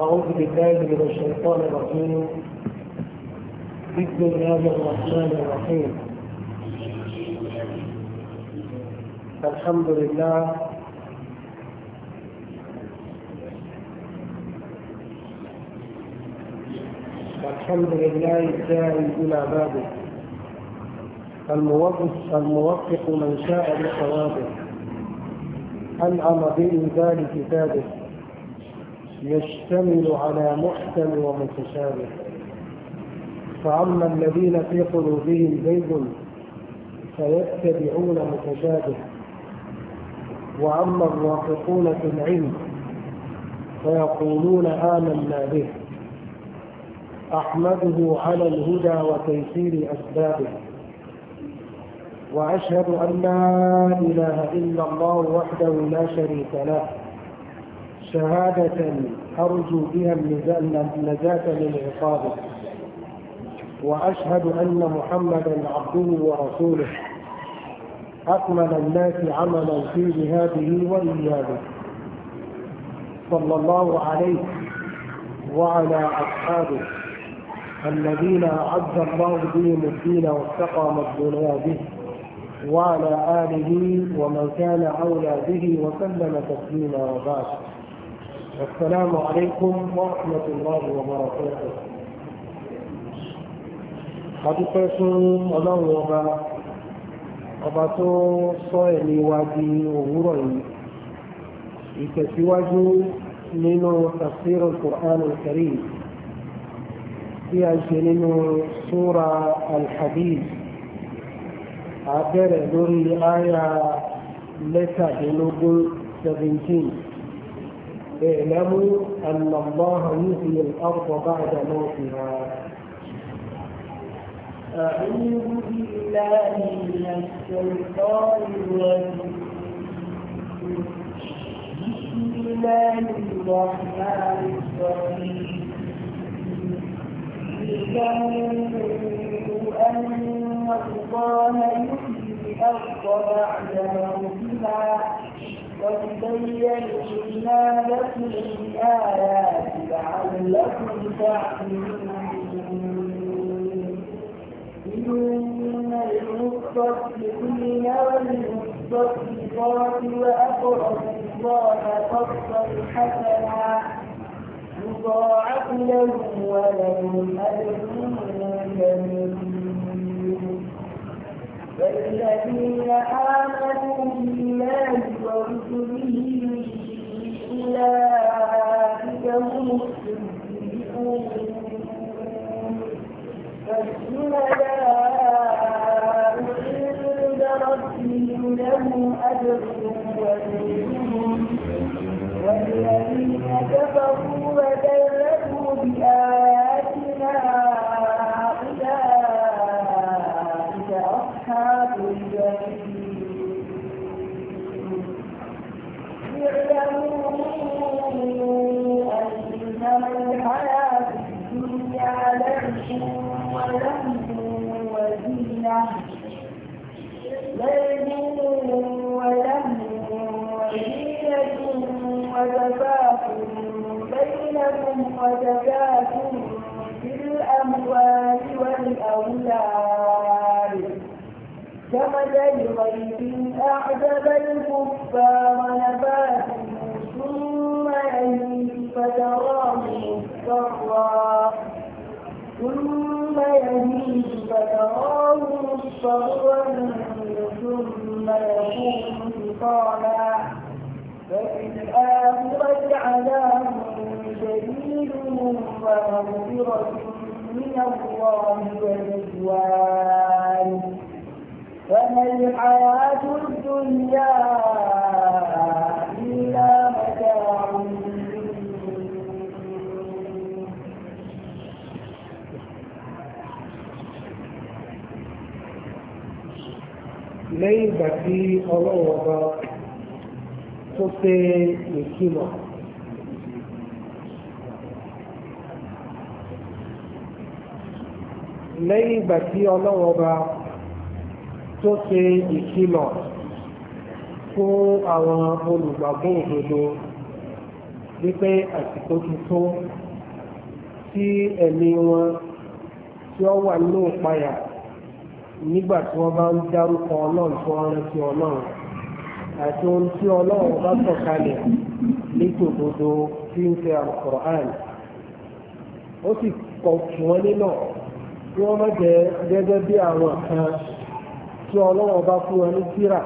أعوذ بالله من الشيطان الرجيم بسم الله الرحمن الرحيم الحمد لله الحمد لله الداعي إلى بابه الموفق الموفق من شاء بصوابه أنعم بإنزال كتابه يشتمل على محكم ومتشابه فأما الذين في قلوبهم زيد فيتبعون متشابه وأما الواثقون في العلم فيقولون آمنا به أحمده على الهدى وتيسير أسبابه وأشهد أن لا إله إلا الله وحده لا شريك له شهادة أرجو بها النجاة من عقابك وأشهد أن محمدا عبده ورسوله أكمل الناس عملا في جهاده وإيابه صلى الله عليه وعلى أصحابه الذين أعز الله بهم الدين واستقامت الدنيا به وعلى آله ومن كان أولى به وسلم تسليما وبارك السلام عليكم ورحمة الله وبركاته قد فاتوا الله وبا ọba tó sọ ẹ̀mí wa di òwúrọ̀ yìí ìtẹ̀síwájú nínú tafsir al-Qur'an al-Karim tí a ṣe nínú súra al-Hadid a bẹ̀rẹ̀ lórí àyà lẹ́tàdínlógún 17 اعلموا أن الله يحيي الأرض بعد موتها أعوذ بالله من الشيطان الرجيم بسم الله الرحمن الرحيم يظن أن الله يحيي الأرض بعد موتها قد بينا لكم الآيات لعلكم تعقلون إن المستقبلين والمستقبلات وأقرضوا الله قرضا حسنا يضاعف لهم ولهم أجر فالذين آمنوا بالله ورسله أولئك هم الصديقون فالشهداء عند ربهم لهم أجرهم ونورهم والذين كفروا وكذبوا بآياتنا صدقات في الأموال والأولاد كمثل غيث أعجب الكفار نباته ثم يهيج فتراه مصفرا ثم يهيج فتراه مصفرا ثم يكون حطاما ففي الآخرة عذاب شديد ومغفرة من الله ورضوان فما الحياة الدنيا إلا متاع lẹ́yìn ìgbà tí tó ṣe ìkìlọ̀. lẹ́yìn ìgbà tí ọlọ́wọ́ ọba tó ṣe ìkìlọ̀ fún àwọn olùgbàgbọ́ òdodo wípé àsìkò ti tó tí ẹ̀mí wọn tí ó wà ní òpayà nígbà tí wọ́n bá ń dárúkọ ọlọ́run tí wọ́n rántí ọlọ́run. àti ohun tí ọlọ́run bá sọ kalẹ̀ nítòdodo tí ń fẹ́ alukur'an ó sì kọ̀ kí wọ́n nínà kí wọ́n má gẹ́gẹ́ bí àwọn kan tí ọlọ́run bá fún wọn ní síra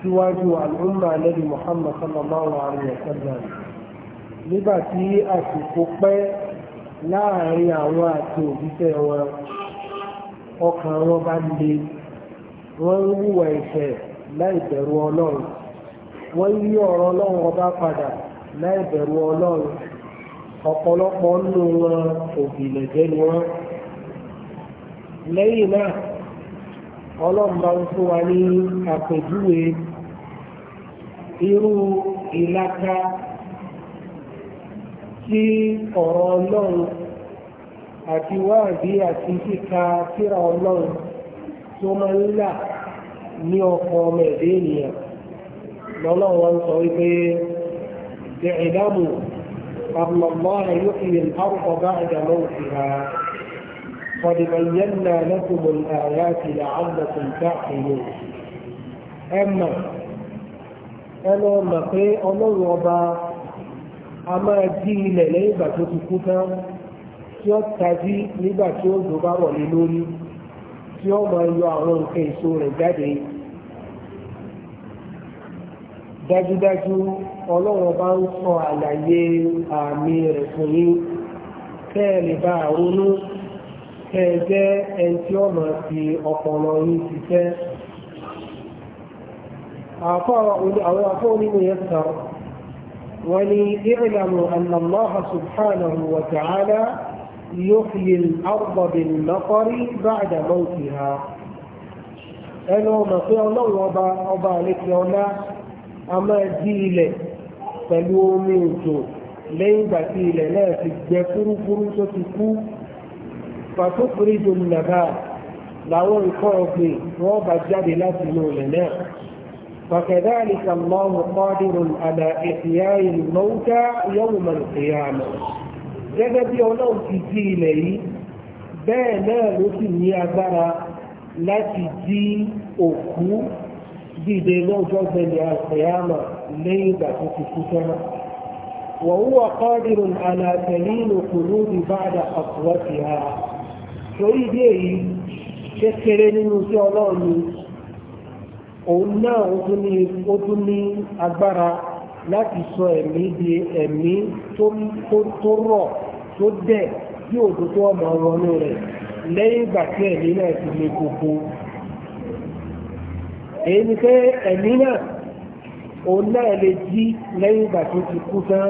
síwájú àlùmọ́ àlẹ́bí Muhammad sallallahu alayhi wa sallam nígbà tí àsìkò pẹ́ láàrin àwọn àti òbíṣẹ́ wọn ọkàn wọn le ń wúwa ìfẹ́ láì bẹ̀rù ọlọ́run wọ́n yí ọ̀rọ̀ ọlọ́run ọba padà láì bẹ̀rù ọlọ́run ọ̀pọ̀lọpọ̀ nínú wọn òbílẹ̀jẹ́ ni wọ́n. lẹ́yìn náà ọlọ́run bá ń fún wa ní àpèjúwe irú ìlàkà tí ọ̀rọ̀ ọlọ́run àti wáàbí àti kíka síra ọlọ́run tó máa ní ọkọ ọmọ ẹ̀dẹ́ ènìyàn lọ́nà wọn sọ wípé ìdáàbò الله يحيي الأرض بعد موتها قد بينا لكم الآيات لعلكم تعقلون أما أنا ما في أنا وضع أما دين لي بتوتكوتا tí ó tají nígbà tí ó dùn bá wọ̀lé lórí tí ó máa yọ àwọn nǹkan èso rẹ̀ jáde dájúdájú ọlọ́run bá ń sọ àlàyé àmì rẹ̀ fún yín kẹ́ ẹ lè bá ronú kẹ́ ẹ jẹ́ ẹni tí ó máa fi ọpọlọ yín ṣiṣẹ́ àwọn afọ́ onímọ̀ yẹn sọ wọ́n ní ìrìnàmù annàmọ́ subhanahu wa ta'ala يحيي الأرض بالمطر بعد موتها ẹnu ọmọ pé ọlọ́run ọba ọba àlekè ọlá a máa di ilẹ̀ pẹ̀lú omi òjò lẹ́yìn ìgbà tí ilẹ̀ náà ti gbẹ kúrúkúrú tó ti kú pàtó kúrìdò nàbà làwọn nǹkan ọ̀gbìn wọ́n bá jáde láti inú ilẹ̀ náà فكذلك الله قادر على إحياء الموتى يوم القيامة gẹ́gẹ́ bí ọlọ́run ti jí ilẹ̀ yìí bẹ́ẹ̀ náà ló sì ní agbára láti jí òkú dìde lọ́jọ́ gbẹ̀lẹ̀ àṣẹyàmà lẹ́yìn ìgbà tó ti kú sọ́nà. وهو قادر على تلين قلوب بعد خطوتها torí bí èyí kékeré nínú sí ọlọ́run ni òun náà ó tún ní agbára láti sọ ẹ̀mí di ẹ̀mí tó rọ̀ tó dẹ̀ tí òtútù ọmọ wọnú rẹ̀ lẹ́yìn ìgbà tí ẹ̀mí náà ti lè koko. èyí ni pé ẹ̀mí náà òun náà lè jí lẹ́yìn ìgbà tó ti kú tán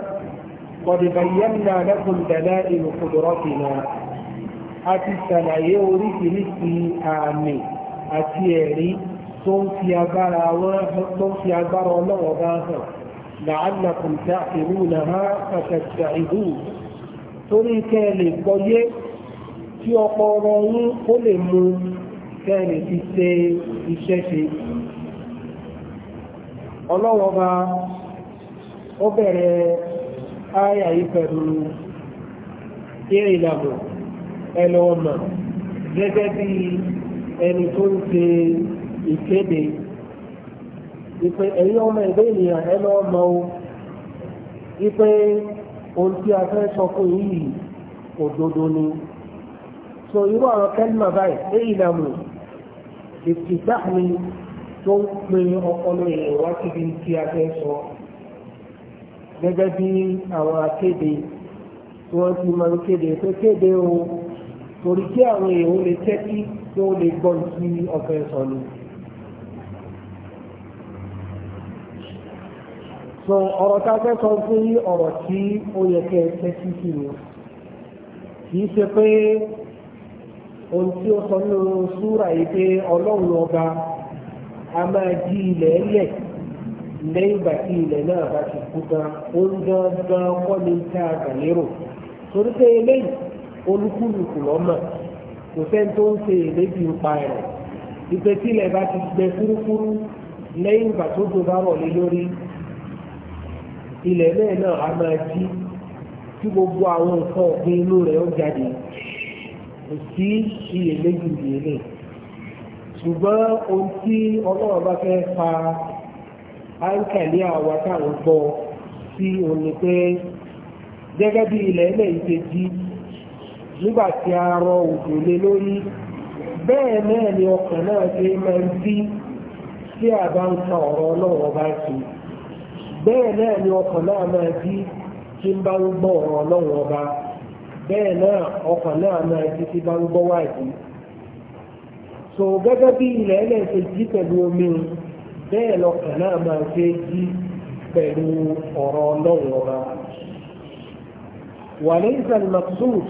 kọ̀dìbà yẹ́mìnà lẹ́kùn dàdá náà a ti ṣàlàyé oríṣiríṣi àmì àti ẹ̀rí tó ń fi agbára ọlọ́wọ́ bá hàn làálàkùn tá ìlú náà fàṣàṣà ìlú torí kẹ́ ẹ lè gbọ́yé tí ọkọ̀ ọ̀rọ̀ yín ó lè mú kẹ́ ẹ lè fi ṣe iṣẹ́ ṣe. ọlọ́wọ́ bá ó bẹ̀rẹ̀ ááyà yìí pẹ̀lú eré ìlànà ẹnu ọ̀nà gẹ́gẹ́ bí ẹni tó ń ṣe ìkéde ìpè ẹ̀yìn ọmọ ìgbé ènìyàn ẹnu ọmọ o ìpè ohun tí a fẹ́ sọ fún yìí òdodo ni so irú àwọn kẹ́lìmà báyìí léyìn ìlànà ìtìgbà mi tó ń pe ọpọlọ èèyàn wá síbi tí a fẹ́ sọ gẹ́gẹ́ bí àwọn akéde tí wọ́n ti máa ń kéde pé kéde o torí kí àwọn èèyàn lè tẹ́tí tó lè gbọ́n sí ọ̀fẹ́ sọ ni. so ọ̀rọ̀ tá a fẹ́ sọ fún yí ọ̀rọ̀ tí ó yẹ kẹ́ ẹ tẹ́tí sí ni kì í ṣe pé ohun tí ó sọ nínú súrà yìí pé ọlọ́run ọba a máa jí ilẹ̀ lẹ̀ lẹ́yìn ìgbà tí ilẹ̀ náà bá ti kú gan ó ń dandan kọ́ ni tá a gbà lérò torí pé eléyìí olúkúlùkù lọ́mọ kò sẹ́ni tó ń ṣe èlébi ipa rẹ̀ ìpè tí ilẹ̀ bá ti gbẹ fúrúfúrú lẹ́yìn ìgbà tó do bá rọ̀ lé lórí ilẹ̀ náà náà a máa jí tí gbogbo àwọn nǹkan ọ̀gbìn inú rẹ̀ ó jáde kò sí iyèméjì ìyèlè ṣùgbọ́n ohun tí ọlọ́run bá fẹ́ fa áńkàlí àwa táwọn gbọ́ sí òun ni pé gẹ́gẹ́ bí ilẹ̀ ilẹ̀ ìṣe jí nígbà tí a rọ òjò lé lórí bẹ́ẹ̀ náà ni ọkàn náà ṣe máa ń bí tí a bá ń ka ọ̀rọ̀ ọlọ́run bá ṣe. bẹ́ẹ̀ náà ni ọkàn náà máa di tí ń bá ń gbọ́ ọ̀rọ̀ ọlọ́run ọba bẹ́ẹ̀ náà ọkàn náà máa di tí bá ń gbọ́ wáàdí. so gẹ́gẹ́ bí ilẹ̀ ẹlẹ́ ṣe jí pẹ̀lú omi bẹ́ẹ̀ lọkàn náà máa ṣe jí pẹ̀lú ọ̀rọ̀ ọlọ́run ọba. وليس المقصود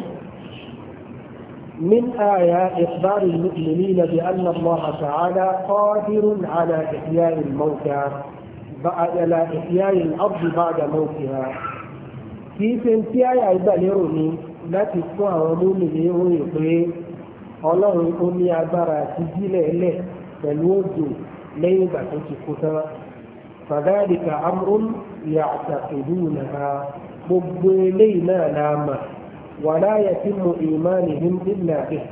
من آية إخبار المؤمنين بأن الله تعالى قادر على إحياء الموتى على إحياء الأرض بعد موتها kìí ṣe tí àyà ìgbàlérò ni láti fún àwọn múmìnì ròyìn pé ọlọ́run ó ní agbára àti jílẹ̀ ẹlẹ̀ pẹ̀lú òjò lẹ́yìn ìgbà tó ti kú tán fàdáàdìkà amrún yàtàkìlú nàá gbogbo eléyìí náà náà mà wà láyà tí mo ìmánì ní ìlà bẹ́ẹ̀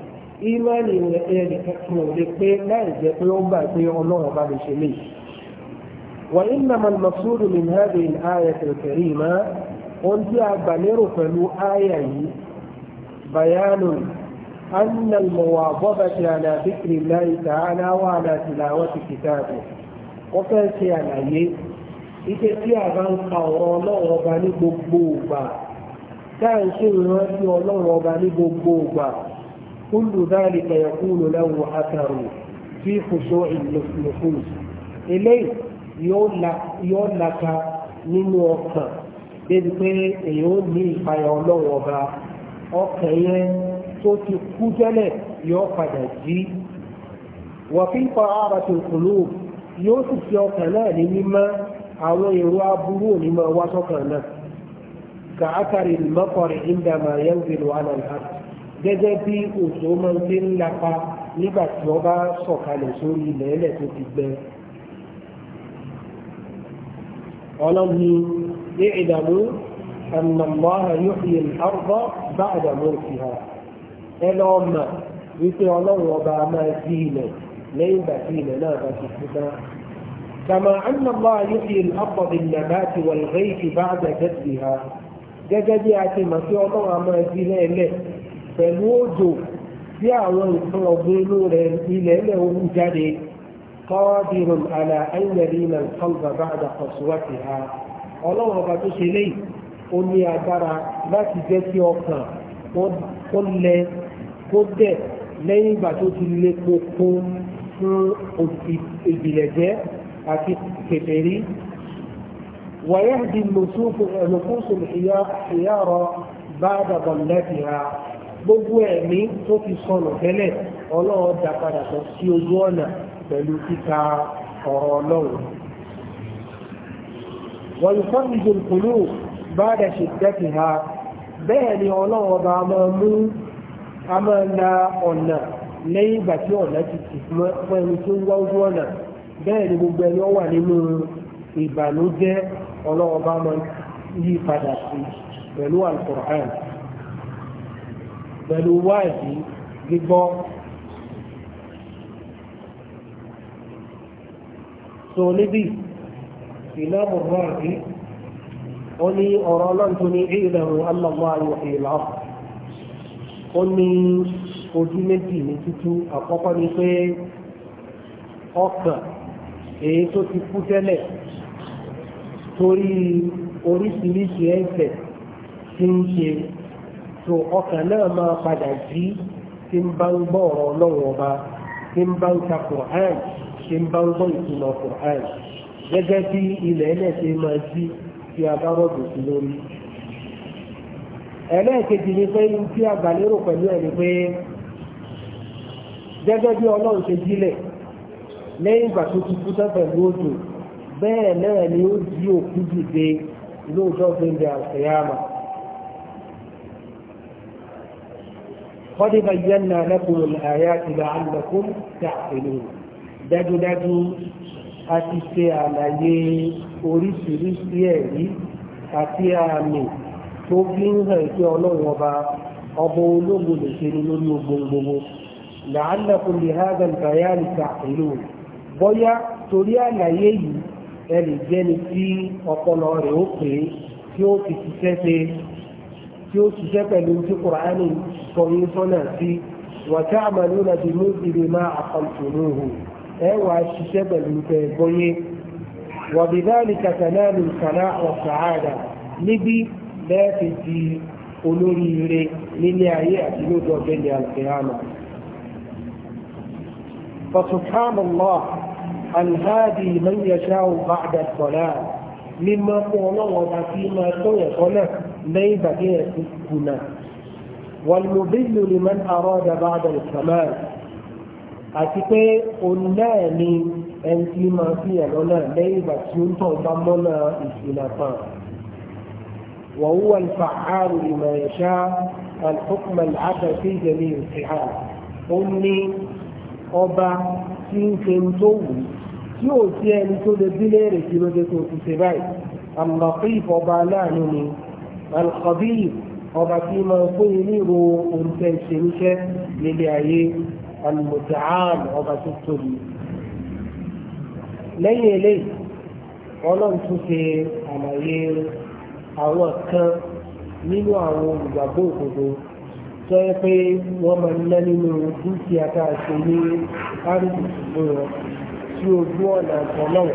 ìmánì ẹnì kankan ò lè pé láì jẹ́ pé ó gbà pé ọlọ́run bá lè ṣe léyìí. وإنما المقصود من هذه الآية الكريمة أنت أبنر فلو آية بيان أن المواظبة على ذكر الله تعالى وعلى تلاوة كتابه وفاتي عليه ike tí a bá ń ka ọ̀rọ̀ ọlọ́run ọba ní gbogbo ìgbà tá à ń ṣe ìrántí ọlọ́run ọba ní gbogbo ìgbà kúlù dáàlì kẹyọkúlù lẹ́wọ̀ àtàrò tí kò eléyìí yóò laka nínú ọkàn débi pé èyàn ó ní ìpayà ọlọ́run ọba ọkàn yẹn tó ti kú tẹ́lẹ̀ yóò padà jí wọ̀fífọ́ ààbàtì òkúlù yóò sì fi ọkàn náà ní mímọ́ àwọn èrò aburú òní máa wá sọ́kàn náà ka akari mọ́kọrin ìgbà máa yẹn gbèrò àlàlá gẹ́gẹ́ bí òṣòwò máa ń gbé ńlapa nígbà tí wọ́n bá sọ̀kalẹ̀ sórí ilẹ̀ ẹlẹ́ tó ti gbẹ ọlọ́ni ní ìdàmú ẹnàmọ́ha yóò àrùbọ́ bá àdàmú òfìhà ẹnà ọmọ wípé ọlọ́run ọba máa fi ilẹ̀ lẹ́yìn ìgbà tí ilẹ̀ náà bá ti kú tán. كما أن الله يحيي الأرض بالنبات والغيث بعد جدها gẹ́gẹ́ bí a ti mọ̀ sí ọlọ́run a máa di lẹ́ẹ̀lẹ̀ pẹ̀lú òjò bí àwọn nǹkan ọ̀gbìn inú ilẹ̀ ẹlẹ́ ohun jáde قادر على أن يلين القلب بعد قسوتها ọlọ́run ọba tó ṣe léyìí ó ní agbára láti jẹ́ kí ọkàn kó lẹ kó dẹ̀ lẹ́yìn ìgbà tó ti lé kókó fún ìbìlẹ̀jẹ́ àti kèfèrí wàyáàdì lòkúnṣù ìyàrọ̀ bá dàbọ̀ lẹ́bìí ha gbogbo ẹ̀mí tó ti sọnù tẹ́lẹ̀ ọlọ́run dá padà sọ sí ojú ọ̀nà pẹ̀lú kíka ọ̀rọ̀ ọlọ́run wọ́n fọ́n ìjòkúrú bá dẹ̀ ṣe dẹ́kì ha bẹ́ẹ̀ ni ọlọ́run ọba máa mú a máa la ọ̀nà lẹ́yìn ìgbà tí ọ̀nà ti tì fún ẹni tó ń wá ojú ọ̀nà bẹ́ẹ̀ ìbànújẹ́ ọlọ́run ọba yí padà sí pẹ̀lú al pẹ̀lú wáàdì gbígbọ́ tolibi silamu الرازي قولي أرانتني إعلم أن الله يحيي العصر قولي ojú méjì ní tútú àkọ́kọ́ ni pé ọkàn èyí tó ti kú tẹ́lẹ̀ torí oríṣiríṣi padà jí tí ń bá ń gbọ́ ọ̀rọ̀ ọlọ́run ọba tí bá ń ṣe ń bá ń gbọ́ ìtumọ̀ Qur'an gẹ́gẹ́ bí ilẹ̀ ẹlẹ́sẹ̀ máa jí tí a bá rọ̀bù sí lórí. ẹlẹ́ẹ̀kejì ni pé tí a gbà lérò pẹ̀lú ẹ̀ ni pé gẹ́gẹ́ bí ọlọ́run ṣe jílẹ̀ lẹ́yìn ìgbà tó ti tán pẹ̀lú òjò bẹ́ẹ̀ náà ni ó jí òkú dìde lóòjọ́ gbẹ̀ngẹ̀ àṣẹyàmà. قد بينا لكم الآيات لعلكم تعقلون dájúdájú a ti ṣe àlàyé oríṣiríṣi ẹ̀rí àti àmì tó fi ń hàn sí ọlọ́run ọba ọba ológo lè ṣe ni lórí ogun gbogbo la'allakum li hadha al-bayan ta'qilun torí àlàyé yìí ẹ jẹ́ni tí ọpọlọ rẹ̀ ó pè é tí ó ti ṣiṣẹ́ ṣe tí ó ṣiṣẹ́ pẹ̀lú tí kùránì sọ yín sọ́nà sí ma ẹ wà ṣiṣẹ́ pẹ̀lú tẹ gbọ́yé wàbíláàlì kàtàláàlì kàná ọ̀sàáàdà níbi lẹ́ẹ̀fì di olóríire nílé ayé àti lójú ọjọ́ ilẹ̀ alkiyama فسبحان الله الهادي من يشاء بعد الصلاة مما قول وضع فيما سوى صلاة ليس بيع كنا والمضل لمن أراد بعد الكمال àti pé òun náà ni ẹni tí máa fi ẹ̀ lọ́nà lẹ́yìn ìgbà tí ó ń tọ̀ bá mọ́nà ìṣìnà kan. وهو الفعال لما يشاء الحكم العبث في جميع الحال أمي ọba tí ń ṣe ń tó wù tí ò sí ẹni tó lè bí léèrè tí ló tó ti ṣe báyìí al-Latif ọba ni al ọba tí máa ń fún yín ní ìrò oúnjẹ ìṣèlúṣẹ́ àlùmọ̀tàán ọba tó tóbi lẹ́yìn eléyìí ọlọ́run tún ṣe àlàyé àwọn kan nínú àwọn olùgbàgbọ́ òdodo tó yẹ pé wọ́n máa ń ná nínú dúkìá tá a ṣe ní áríkì fún wọn tí ojú ọ̀nà ọlọ́run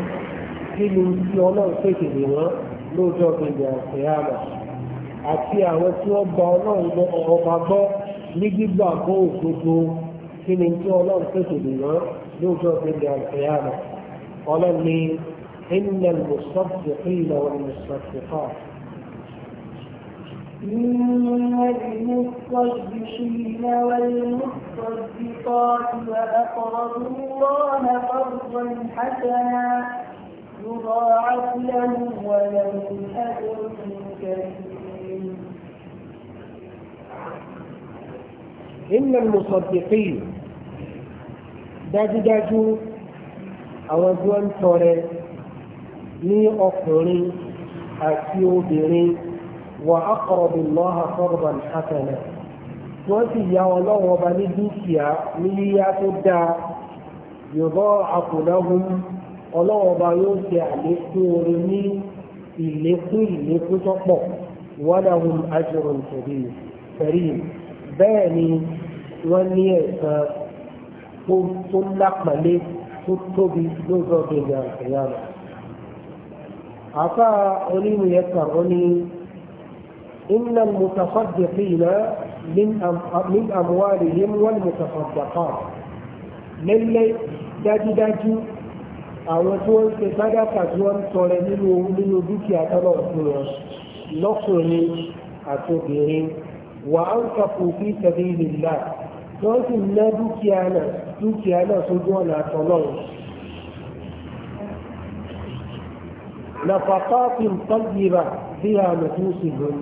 kí ni tí ọlọ́run pèsè lè wọ́n lóòjọ́ gbèdè àṣeyàmà àti àwọn tí wọ́n gba ọlọ́run ọba gbọ́ ní gbígbàgbọ́ òdodo. kí ni tí ọlọ́run pèsè lùlọ́ lóòjọ́ gbẹ̀gbẹ̀ àlùfẹ́yàmọ̀ ọlọ́run ni إن المصدقين والمصدقات إن المصدقين والمصدقات وأقرضوا الله قرضا حسنا يضاعف لهم ولهم أجر كريم inna al-musaddiqin dájúdájú àwọn tí wọ́n ń tọrẹ ní ọkùnrin àti obìnrin wà aqrabu Allaha qardan hasana wọ́n sì yá ọlọ́wọ́ ọba ní dúkìá ní yíyá tó dáa yudha'afu lahum ọlọ́wọ́ ọba yóò ṣe àlékún orin ní ìlékún ìlékún tó pọ̀ wa lahum ajrun karim bẹ́ẹ̀ ni wọ́n ní ẹ̀sán tó lápàlẹ́ tó tóbi lóòótọ́ gbẹ̀gbẹ̀ àkàyàmà. àfa onímù yẹn kàn ó ní inna mutafaddiqina min amwalihim wal mutafaddaqat lẹ́lẹ́ dájúdájú àwọn tí ń ṣe sádàkà tí wọ́n ń tọrẹ nínú nínú dúkìá tọ́lọ̀ fún wọn lọ́kùnrin àti obìnrin wà á ń kàkùn fi sabilillah wọ́n sì ná dúkìá náà dúkìá náà sójú ọ̀nà àtọ̀lọ́run. nàfàkọ́ọ̀tì tọ́jìrà bí àmọ̀tún sì lòun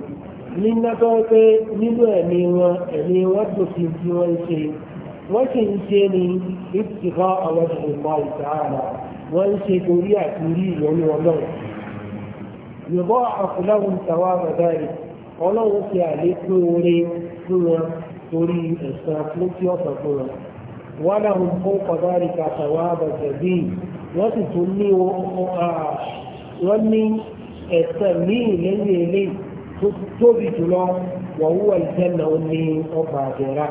nígbà tó ń pé nínú ẹ̀mí wọn ẹ̀mí wọn dòfin tí wọ́n ń ṣe wọ́n sì ń ṣe ní ìtìkọ́ àwọn ìṣòwò ìtààrà wọ́n ń ṣe torí àti rí ìyọnu ọlọ́run yọ̀bọ́ àfúláhùn tàwa àbàdà ọlọ́run fi àlékún oore fún wọn torí ẹ̀sán lókè ọ̀sán fún wọn. wọ́n náà ń kó kọjá rí kàtà wá bàjẹ́ bí wọ́n sì tún ní wọ́n ní ẹ̀sán míì lẹ́yìn ilé tó tóbi jùlọ wọ́n wúwo ìjẹ́nà ó ní ọgbà àjẹrà.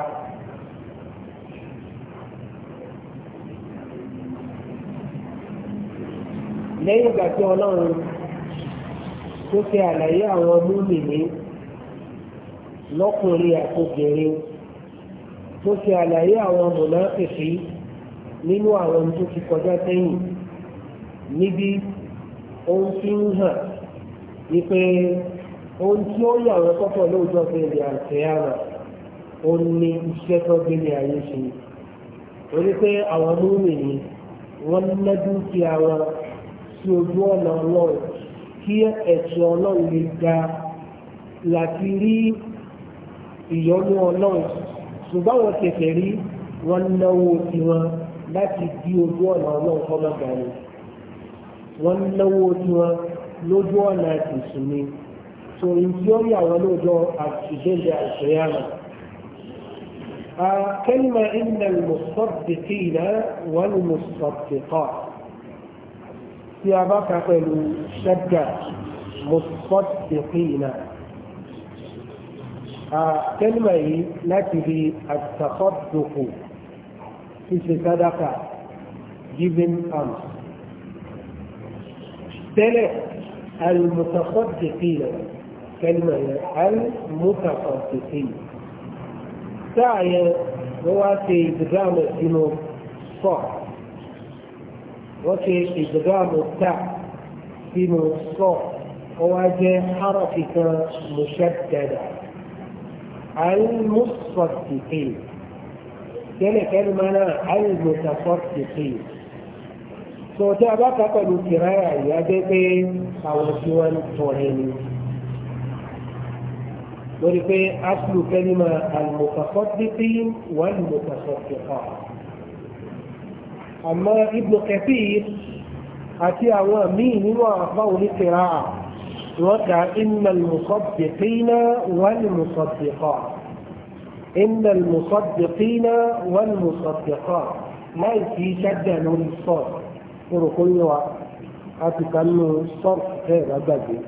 lẹ́yìn ìgbà tí ọlọ́run tó ṣe àlàyé àwọn múmi ní lọ́kùnrin àtòkèrè tó ṣe àlàyé àwọn mùnáfìkì nínú àwọn tó ti kọjá sẹ́yìn níbi ohun tí ń hàn ni pé ohun tí ó yà wọ́n kọ́kọ́ lóòjọ́ bẹ̀rẹ̀ àtẹ̀yàrá ó ní iṣẹ́ tó gbé ní ayé ṣe torí pé àwọn múmi ni wọ́n ná dúkìá wọn sí ojú ọ̀nà ọlọ́run kí ẹ̀sìn ọlọ́run lè ga láti rí ìyọ́nú ọlọ́run ṣùgbọ́n wọn kẹfẹ́ rí wọn náwó tiwọn láti di ojú ọ̀nà ọlọ́run kọ́ má ga ni wọn náwó tiwọn lójú ọ̀nà ìsúnmi tó ń tí ó rí àwọn lóòjọ́ àtìgbèjì àṣeyàmà. كلمة إن المصدقين والمصدقات في أبقى قالوا شجع مصدقين كلمة yìí láti fi àtàkọ́dùkù ṣíṣe sádàkà giving arms tẹ́lẹ̀ المتصدقين كلمة المتصدقين سعي هو في إدغام الجنوب صح وفي إدغام التاء في صح هو حركة مشددة المصدقين كان كلمة المتصدقين sọ̀tẹ́ abákàtà ló ti ráyà ìyájẹ́ pé àwọn tí wọ́n ń tọrẹ ni lórí pé aṣlù kẹ́límà àlùmọ̀tàfọ́tìtì wọ́n lùmọ̀tàfọ́tìkọ̀ àmọ́ ibùkẹ́fì àti àwọn míì nínú àbá oníkẹ́ra وقع إن المصدقين والمصدقات إن المصدقين والمصدقات ما في شدة من الصرف ورقل وعطيك الصرف غير بدي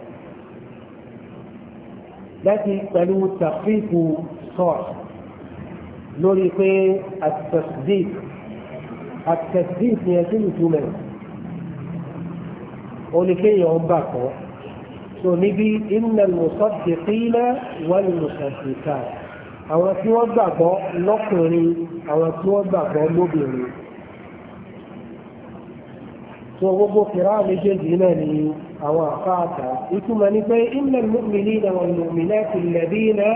لكن بلو تخفيف صرف لوريك التصديق التصديق يجب منه ولكي يوم ينبقى so níbi iná lùsọ̀dẹ̀kínà wọ́n lùsọ̀dẹ̀ká àwọn tí wọ́n gbàgbọ́ lọ́kùnrin àwọn tí wọ́n gbàgbọ́ lóbìnrin so gbogbo kìrá méjèèjì náà ni àwọn àfáàtà ìtumọ̀ ní pé iná lùmìnì náà wọ́n lùmìnì tìlẹ̀bí náà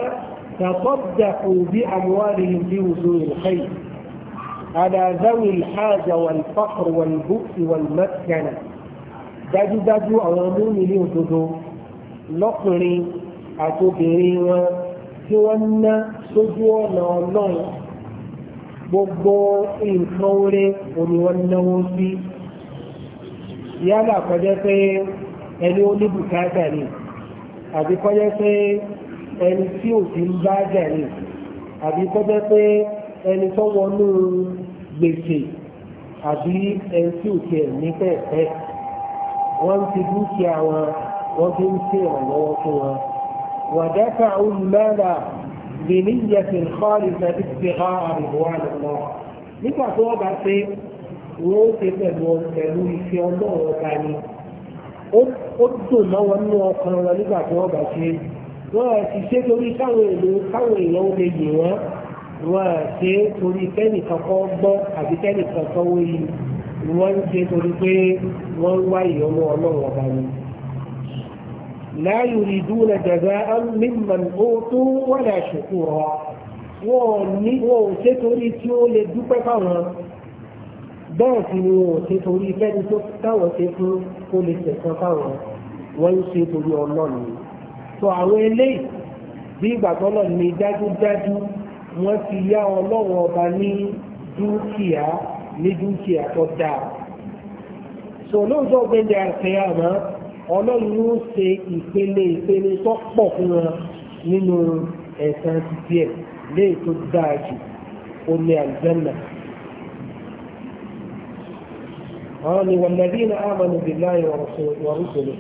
تصدقوا بأموالهم في وزور الخير على ذوي الحاجة والفقر والبؤس والمسكنة dájúdájú àwọn múmi òdodo lọ́kùnrin àtòbìnrin wọn tí wọ́n ná sójú ọ̀nà ọlọ́run gbogbo nǹkan oore òní wọn náwó sí yálà kọjá pé ẹni ó ní bùkátà ni àbí kọjá pé ẹni tí ò sí ń bá jà ni àbí kọjá pé ẹni tó wọnú gbèsè àbí ẹni tí ò tiẹ̀ ní pẹ̀pẹ́ wọ́n ti dúkìá wọn wọ́n fi ń ṣe ìrànlọ́wọ́ fún wọn. wàdákà olùmọ́ra bìníyà ti ń kọ́ ìfẹ́ ti ti ha àrùbọ̀ àlùmọ́. nígbà tó wọ́n bá ṣe wọ́n ó ṣe wọn nínú ọkàn wọn nígbà tó wọ́n bá ṣe. wọ́n á ti ṣe torí káwọn èlò káwọn èèyàn ó lè yè wọ́n. wọ́n á ṣe torí kẹ́nìkan kọ́ gbọ́ àbí kẹ́nìkan kọ́ yìí wọ́n ń ṣe torí pé wọ́n wá ìyọ́nú ọlọ́run ọba ni. لا يريدون جزاء ممن أوتوا ولا شكورا wọ́n ní wọ́n ò ṣe torí tí ó lè dúpẹ́ fáwọn bẹ́ẹ̀ sì ni wọ́n ò ṣe torí fẹ́ni tó táwọn ṣe fún kó lè tẹ̀sán fáwọn wọ́n ń ṣe torí ọlọ́ọ̀nù tó àwọn eléyìí bí ìgbà tọ́lọ̀ ní dájúdájú wọ́n ti yá ọlọ́wọ́ ọba ní dúkìá ní dúkìá tó dáa. sọ lóòótọ́ gbẹ̀dẹ̀ àṣẹyà náà ọlọ́run ló ṣe ìpele ìpele tó pọ̀ fún wọn nínú ẹ̀sán títí ẹ̀ léè tó dáa jù omi àlùjànnà. àwọn ni والذين آمنوا بالله ورسله.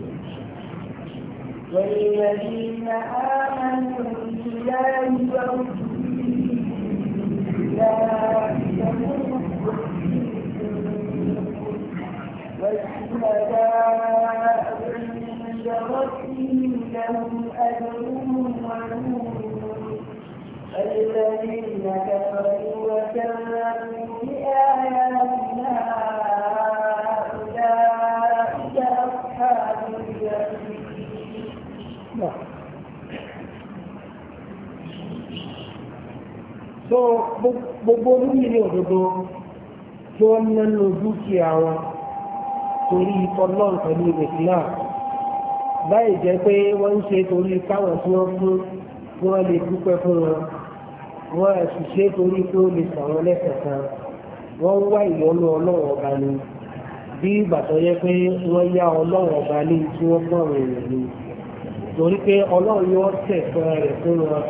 والذين آمنوا بالله ورسله والشهداء شرف لهم أجرهم ونور الذين كفروا وكذبوا بآياتنا أولئك أصحاب الجحيم so gbogbo olúmìnira òdodo tí wọ́n ń nánú dúkìá wọn torí ìtọ́lọ́rùn pẹ̀lú ìrètí báyìí jẹ́ pé wọ́n ń ṣe torí káwọn tí wọ́n fún kí lè dúpẹ́ fún wọn wọ́n sì torí pé ó lè sàwọn lẹ́sẹ̀kan wọ́n wá ìyọ́nú ọlọ́run ọba ni bí ìgbà yẹ pé wọ́n yá ọlọ́run ọba ní tí wọ́n gbọ́ àwọn èèyàn ni torí pé ọlọ́run yóò tẹ̀sán rẹ̀ fún wọn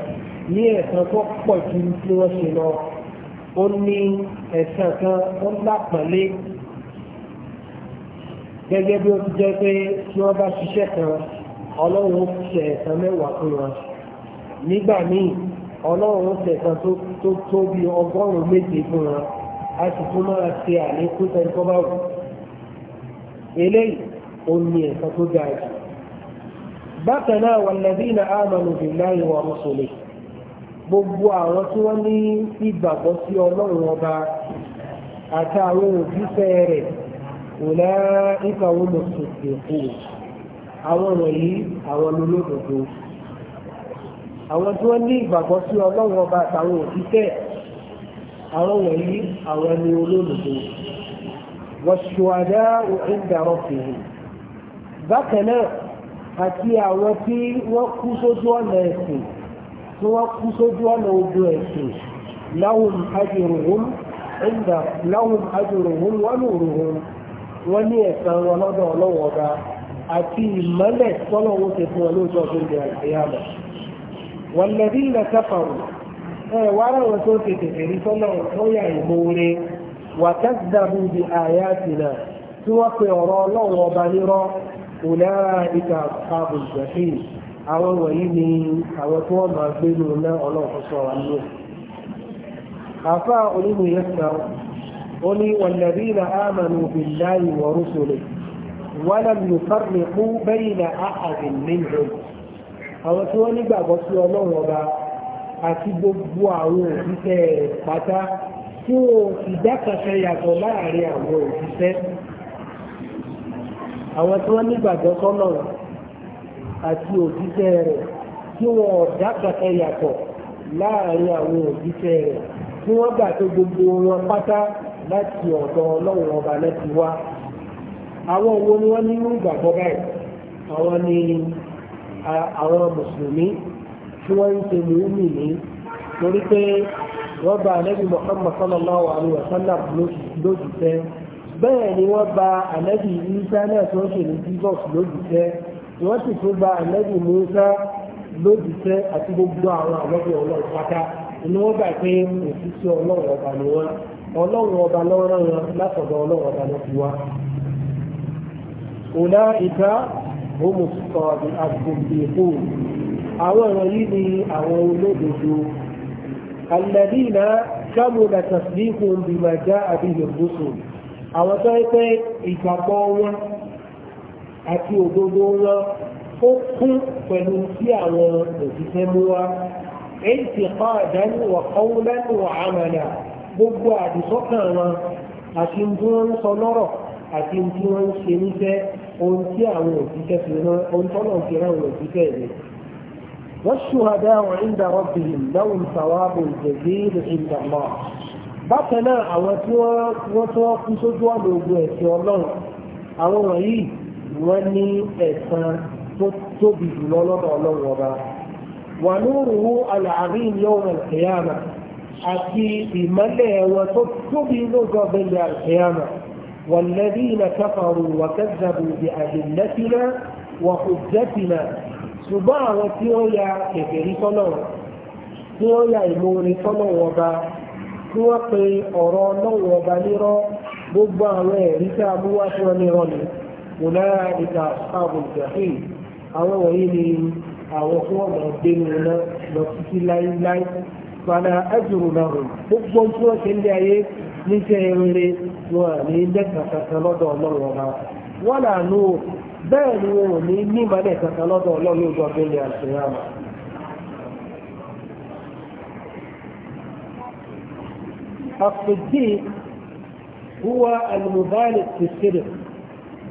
ní ẹ̀san tó pọ̀ ju tí wọ́n ṣe lọ ó ní ẹ̀san kan ó lápọ̀lé gẹ́gẹ́ bí ó ti jẹ́ pé tí wọ́n bá ṣiṣẹ́ kan ọlọ́run ó ṣe ẹ̀san mẹ́wàá fún wọn nígbà míì ọlọ́run ó ṣe tó tó bí ọgọ́rùn-ún méje fún wọn a sì tún máa ṣe àlékún sẹ́ni tó bá wù eléyìí ó ní ẹ̀san tó dáa jù bákan náà walladhina amanu billahi wa rusulihi gbogbo àwọn tí wọ́n ní ìgbàgbọ́ sí ọlọ́run ọba àtàwọn òbí fẹ́ rẹ̀ أولئك هم الصديقون àwọn wọ̀nyí àwọn olólòdòdó àwọn tí wọ́n ní ìgbàgbọ́ sí ọlọ́run ọba àtàwọn òṣìṣẹ́ àwọn wọ̀nyí àwọn ni olólòdòdó wọ́n ṣùwádá òfin dàrọ́ fèrè bákan náà àti àwọn tí wọ́n kú sójú ọ̀nà ẹ̀sìn tí wọ́n kú sójú ọ̀nà ojú ẹ̀sìn láwùn ajòròhún láwùn ajòròhún wọ́n lòròhún wọ́n ní ẹ̀san wọn lọ́dọ̀ ọlọ́wọ́ ọba àti ìmọ́lẹ̀ tọ́lọ́wọ́ ṣe fún ọlọ́jọ́ ọdún ìgbà ìyàmọ̀ wọ́n lẹ́bí ilẹ̀ sáfàrù ẹ̀ wá ráwọn tó ṣe tètè rí tọ́lọ́ ó yà ìmoore wà tẹ́sídàbù di àyà tìlà قل والذين آمنوا بالله ورسله ولم يفرقوا بين أحد منهم àwọn tí wọ́n nígbàgbọ́ sí ọlọ́run ọba àti gbogbo àwọn òṣìṣẹ́ pátá tí wọ́n ìdákàṣẹ yàtọ̀ láàrin àwọn òṣìṣẹ́ àwọn tí wọ́n nígbàgbọ́ sọ́nà àti òṣìṣẹ́ rẹ̀ tí wọ́n ìdákàṣẹ yàtọ̀ láàrin àwọn òṣìṣẹ́ rẹ̀ tí wọ́n gbà tó gbogbo wọn pátá láti ọ̀dọ̀ ọlọ́run ọba lẹ́ti wá àwọn wo ni wọ́n ní ìgbàgbọ́ báyìí àwọn ni àwọn mùsùlùmí tí wọ́n ń ṣe mùúmì ní torí pé wọ́n bà ànábì Muhammad sallallahu alaihi wa sallam lójútẹ́ bẹ́ẹ̀ ni wọ́n bà ànábì náà tó ń ṣe ní Jesus wọ́n sì tún Musa àti gbogbo àwọn àlọ́bì ọlọ́run pátá ọlọ́run ọba lọ́rọ̀ wọn látọ̀dọ̀ ọlọ́run ọba ló fi wá. òlà ìta homusọ àgbòkèkò àwọn ọ̀rọ̀ yìí ni àwọn olódodo alẹ́dínà kámúlà tàbíkù bìmàjá àbíyàn gbóso àwọn tó ń pẹ́ ìgbàgbọ́ wọn àti òdodo wọn ó kún pẹ̀lú sí àwọn òṣìṣẹ́ mú wa èyí ti kọ́ àdánù wà kọ́wúlẹ́nu wà ámàlà gbogbo àdìsọ́kàn wọn àti tí wọ́n ń sọ lọ́rọ̀ àti tí wọ́n ń ṣe níṣẹ́ ohun tí àwọn òṣìṣẹ́ fi rán ohun tọ́lọ̀ fi rán àwọn òṣìṣẹ́ rẹ̀. والشهداء عند ربهم لهم ثواب جزيل عند الله bákan náà àwọn tí wọ́n tó kú sójú ọ̀nà ogun ẹ̀sìn ọlọ́run àwọn wọ̀nyí wọ́n ní ẹ̀san tó tóbi jùlọ lọ́dọ̀ ọlọ́run ọba wà lóòrùn àlàárín yóò rẹ̀ kẹ́yàmà àti ìmọ́lẹ̀ wọn tó tóbi lóòjọ́ bẹ́ẹ̀ àlùkìyàmà والذين كفروا وكذبوا بأدلتنا وحجتنا ṣùgbọ́n àwọn tí ó ya kèfèrí sọ́nà tí ó ya ìmoore sọ́nà ọba tí wọ́n pe ọ̀rọ̀ ọlọ́run ọba nírọ́ gbogbo àwọn ẹ̀rí tí a mú wá fún ọ nírọ́ ni wùlára ìta àbò ìjàfẹ́ àwọn wọ̀nyí ni àwọn tí wọ́n mọ̀ gbénu lọ títí fàlà ájùrù náà gbogbo tí wọ́n ayé níṣẹ́ rere wọn ní lẹ́sàn kankan lọ́dọ̀ ọlọ́run ọba wọn là ni wọn الصديق هو المبالغ في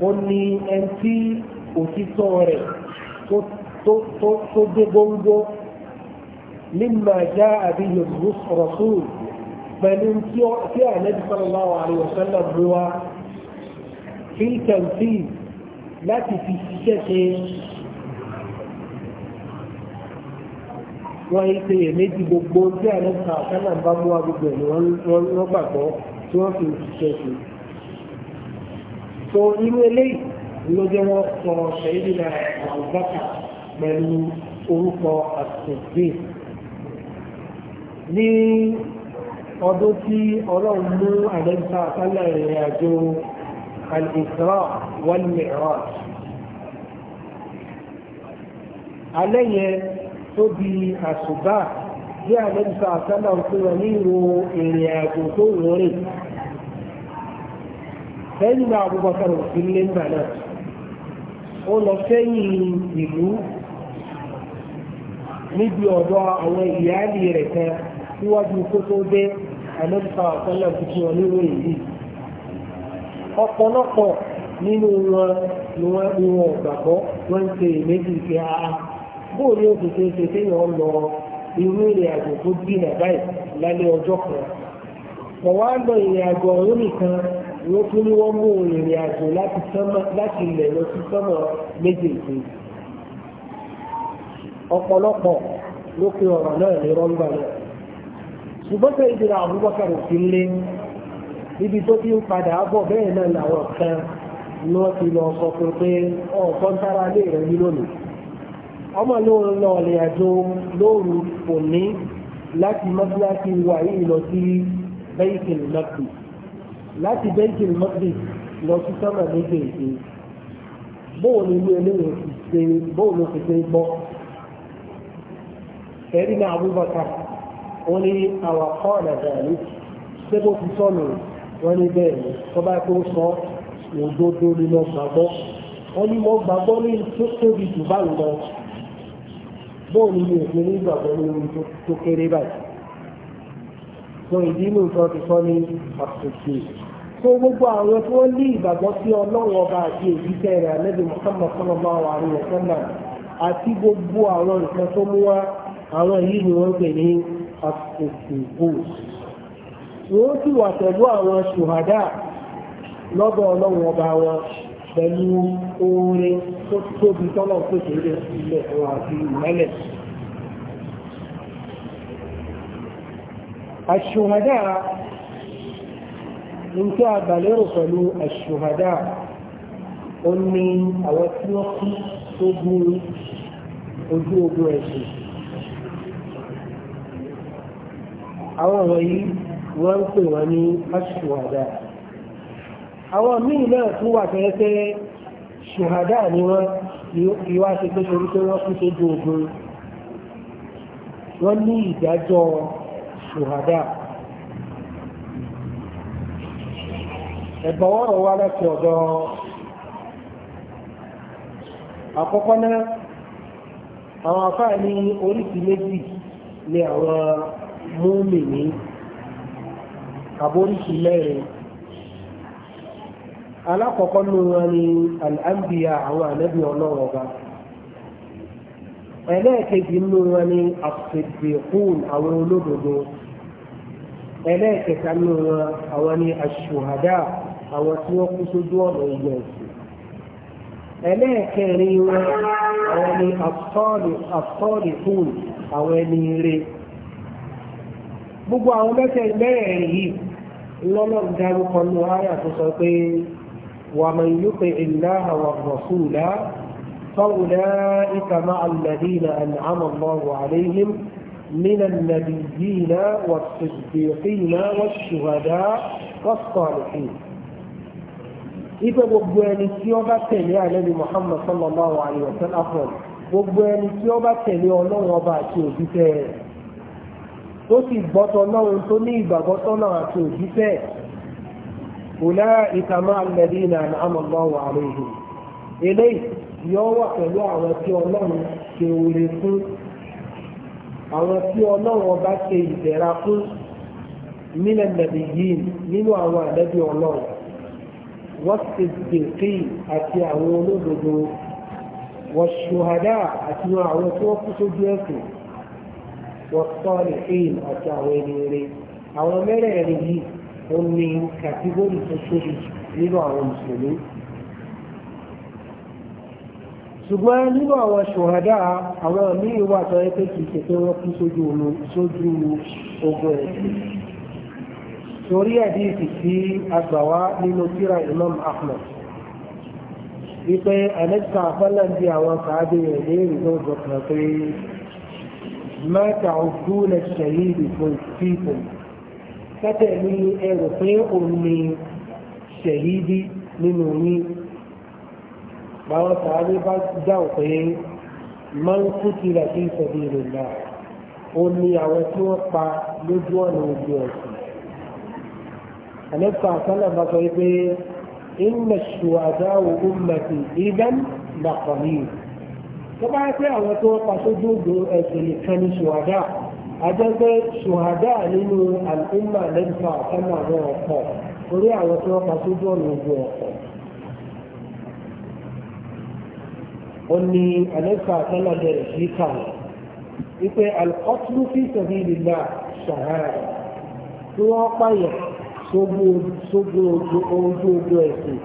قلني أنت مما جاء به الرسول بل في النبي صلى الله عليه وسلم هو في التنفيذ لا في الشيء wọ́n yí pé èméjì gbogbo tí àlẹ́ ta ọ̀sánà bá mú wa gbogbo ẹ̀ ni wọ́n gbàgbọ́ tí wọ́n fi ṣiṣẹ́ sí. so inú eléyìí ló jẹ́ wọ́n sọ ṣẹ́yìn náà àbúbákà pẹ̀lú orúkọ àtúntò ní ọdún tí ọlọ́run mú àdẹ́sà sálẹ̀ ìrìn àjò al-Isra wal-Mi'raj alẹ́ tó di àṣùbà bí àdẹ́sà sálẹ̀ òkú wọn ìrìn àjò tó rọrìn lẹ́yìn náà Abubakar òfin lé ńgbà náà ó lọ sẹ́yìn ìlú níbi ọ̀dọ̀ àwọn ìyáàlì rẹ̀ kan síwájú kó tó dé àlẹ́bùsà àtọ́lá ti fi hàn nínú èyí ọ̀pọ̀lọpọ̀ nínú wọn ni wọ́n ń wọn gbàgbọ́ wọ́n ń ṣe ìmẹ́jì pé a ah, ah, bóò ní oṣù tó ṣe téèyàn lọ irú ìrìn àjò tó dínà báyìí lálẹ́ ọjọ́ kan wọ́n wá lọ ìrìn àjò ọ̀hún nìkan wọ́n tún ní wọ́n mú ìrìn àjò láti ilẹ̀ lọ sí sọ́mọ̀ méjèèjì ọ̀pọ̀lọpọ̀ ló pe ọ̀rọ̀ náà ní rọ́ńgbà náà ṣùgbọ́n sẹ́yìn ìdíra Abubakar òfin lé ibi tó ti ń padà bọ̀ bẹ́ẹ̀ náà làwọn kan ni wọ́n ti lọ sọ fún pé ọ̀pọ̀ ń tára lé rẹ̀ ní lónìí ọmọ lóun lọ ọ̀lẹ́ àjò lati òní láti mọ́síláṣí wà yìí lọ sí bẹ́ẹ̀kì láti bẹ́ẹ̀kì lọ sí ilé Abubakar wọ́n ní àwọn na dàní ṣé bó ti sọnù sọ òdodo ni mo gbàgbọ́ wọ́n ní ní tó tóbi jù bá lọ bóun ni mi ní gbàgbọ́ ní tó kéré báyìí sọ ìdí inú nǹkan ní gbogbo àwọn tí wọ́n ní ìgbàgbọ́ sí ọlọ́run ọba àti èyíkẹ́ rẹ̀ àlẹ́bí mọ̀sánmọ̀ sọ́nà máa wà ní náà àti gbogbo àwọn àtòkùnkùn wọ́n sì wà pẹ̀lú àwọn ṣùhádà lọ́dọ̀ ọlọ́run ọba wọn pẹ̀lú oore tó tóbi tọ́lọ̀ pèsè ilẹ̀ ilẹ̀ ẹ̀wọ̀n àti ìmọ́lẹ̀. àṣùhádà ní tí a gbàlérò pẹ̀lú àṣùhádà ó ní àwọn tí wọ́n kú tó gún ojú ogun ẹ̀sìn àwọn wọ̀nyí wọ́n ń pè wọ́n ní aṣùwàdà àwọn míì náà tún wà tẹ́lẹ̀ ni wọ́n ìwà ṣe pé torí pé wọ́n kú sójú wọ́n ní ìdájọ́ ṣùhàdà ẹ̀bọ̀ wọ́n wá láti ọ̀dọ̀ àkọ́kọ́ náà àwọn oríṣi méjì múmìnì àbóríṣi mẹ́rin alákọ̀ọ́kọ́ nù wọn ni al-anbiya àwọn ànábì ọlọ́run ọba ẹlẹ́ẹ̀kejì nù wọn ni as-siddiqun àwọn olódodo ẹlẹ́ẹ̀kẹta nù wọn àwọn ni ash-shuhada àwọn tí wọ́n kú sójú ọ̀nà ìgbà ẹ̀sìn ẹlẹ́ẹ̀kẹrin wọn ni as àwọn ẹni rere gbogbo àwọn mẹ́tẹ̀ mẹ́rẹ̀ẹ̀rin yìí lọ́nà dárúkọ ní àyà tó sọ pé wà máa ń yúpe ìlàhà wà rọ̀sùlá fáwùlá ìkàmá àlàdínà àmọ́ lọ́wọ́ àléhìm من النبيين والصديقين والشهداء والصالحين ipe gbogbo ẹni tí ó bá tẹ̀lé àlẹ́lì muhammad sallallahu alayhi wa sallam gbogbo ẹni tí ó bá tẹ̀lé ọlọ́run ọba àti òbí tẹ́ tó sì gbọ́tọ̀ lọ́run tó ní ìgbàgbọ́tọ̀ náà àti òjíṣẹ́ òlá ìtàmọ́ àlẹ́dí ní àmọ́ lọ́wọ́ àlejò eléyìí yóò wà pẹ̀lú àwọn tí ọlọ́run ṣe òre fún àwọn tí ọlọ́run ọba ṣe ìdẹ̀ra fún yìí nínú àwọn àlẹ́bí ọlọ́run wọ́n ti àti àwọn olódodo wọ́n ṣùhàdá àti àwọn tí wọ́n kú sójú ẹ̀sìn. والصالحين التعويلين أو ملائكه هم من كاتيجوري تشوفي لبعض المسلمين ṣùgbọ́n nínú àwọn ṣòhádá àwọn míì wà tó yẹ pé kìí ṣe pé wọ́n kú sójú ogun ẹ̀sìn torí àdíìsì tí a nínú tírà Imam Ahmad wípé ẹ̀lẹ́ta afọ́lá ń di àwọn kàádé rẹ̀ léèrè kan pé ما تعدون الشهيد فيكم فتأمي رفيق من شهيد من مني بابا تعالي بس من قتل في سبيل الله أمي عوتي وقع لجوان وجوانتي أنبقى صلى الله عليه إن الشهداء أمتي إذا لقليل tó bá pé àwọn tó pa sójú odò ẹ̀sìn nìkan ni ṣùhàdá àjẹgbẹ́ ṣùhàdá nínú àlùmà lẹ́gbà ọ̀kánà àwọn ọ̀pọ̀ orí àwọn tó pa sójú ọ̀nà ogun ọ̀pọ̀. ó ní àlẹ́gbà ọ̀kánà bẹ̀rẹ̀ sí kàwé wípé alùpàtúrú fi sọ̀rọ̀ ìlà ṣàhárà tí wọ́n pààyàn sójú ojú ojú ẹ̀sìn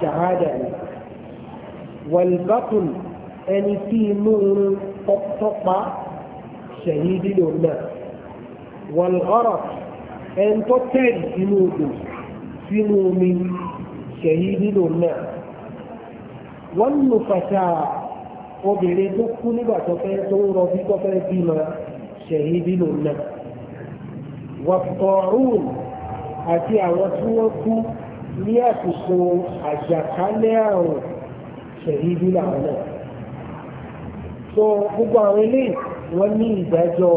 ṣàhádà ni wàlbàtùn ẹni tí inú irun tọ́pa ṣẹ̀yìn dídò náà wọ́n ọ̀rọ̀ ẹni tó tẹ̀lé sínú odò sínú omi ṣẹ̀yìn dídò náà wọ́n lù fàṣà obìnrin tó kú nígbà tó fẹ́ tó ń rọbí tó fẹ́ bímọ ṣẹ̀yìn dídò náà wọ́n àti àwọn tí wọ́n kú ní àsìkò àjàkálẹ̀ àrùn ṣẹ̀yìn dídò náà so gbogbo àwọn eléyìí wọ́n ní ìdájọ́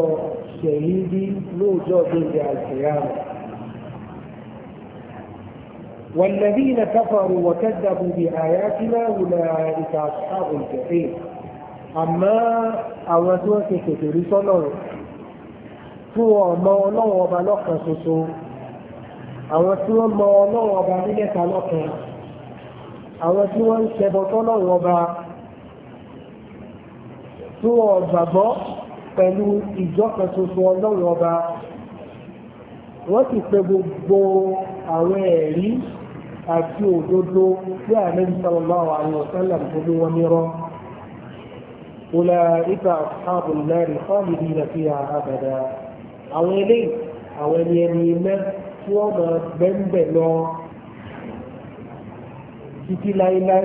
ṣẹ̀yìndí lóòjọ́ gbèsè àṣeyàrá. والذين كفروا وكذبوا بآياتنا أولئك أصحاب الجحيم àmọ́ àwọn tí wọ́n ti tètè rí sọ́nà rẹ̀ tí wọ́n mọ ọba lọ́kan ṣoṣo àwọn tí wọ́n mọ ọlọ́run ọba nílẹ̀ta lọ́kan àwọn tí wọ́n ń ṣẹbọ sọ́nà ọba tí wọ́n gbàgbọ́ pẹ̀lú ìjọkan tuntun ọlọ́run ọba wọ́n sì pe gbogbo àwọn ẹ̀rí àti òdodo tí àlejò sọ̀rọ̀ máa wà ní ọ̀sánlá tó bí wọ́n nírọ́. أولئك أصحاب النار خالدين فيها أبدا àwọn eléyìí àwọn ẹni títí láéláé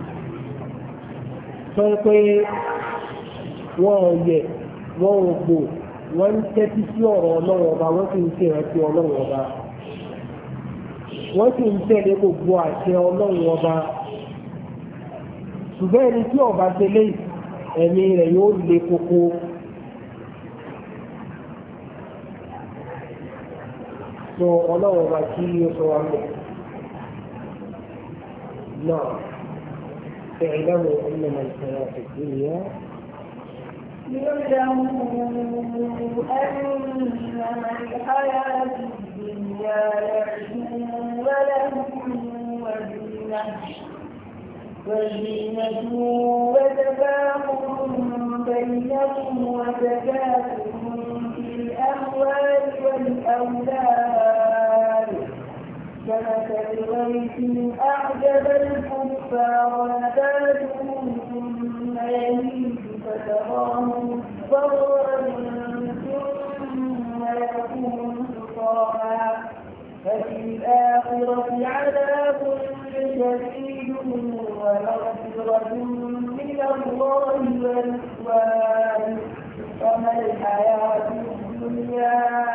sọ pé wọ́n ò yẹ wọ́n ò gbò wọ́n ń tẹ́tí sí ọ̀rọ̀ ọlọ́run ọba wọ́n sì ń ṣe ìrántí ọlọ́run ọba wọ́n sì ń tẹ̀lé gbogbo àṣẹ ọlọ́run ọba ṣùgbọ́n ẹni tí ọba tẹ̀lé ẹ̀mí rẹ̀ yóò le koko. ọlọ́run ọba kí ó sọ wa mọ̀ náà. فاعلموا انما الحياه الدنيا اعلموا انما الحياه الدنيا لعب ولهو وزينه وزينة وتفاخر بينكم وتكاثر في الأموال والأولاد كمثل بيت أعجب الكفار نباته ثم يهيج فتراه مصفرا ثم يكون حطاما ففي الآخرة عذاب شديد ومغفرة من الله ورضوان وما الحياة الدنيا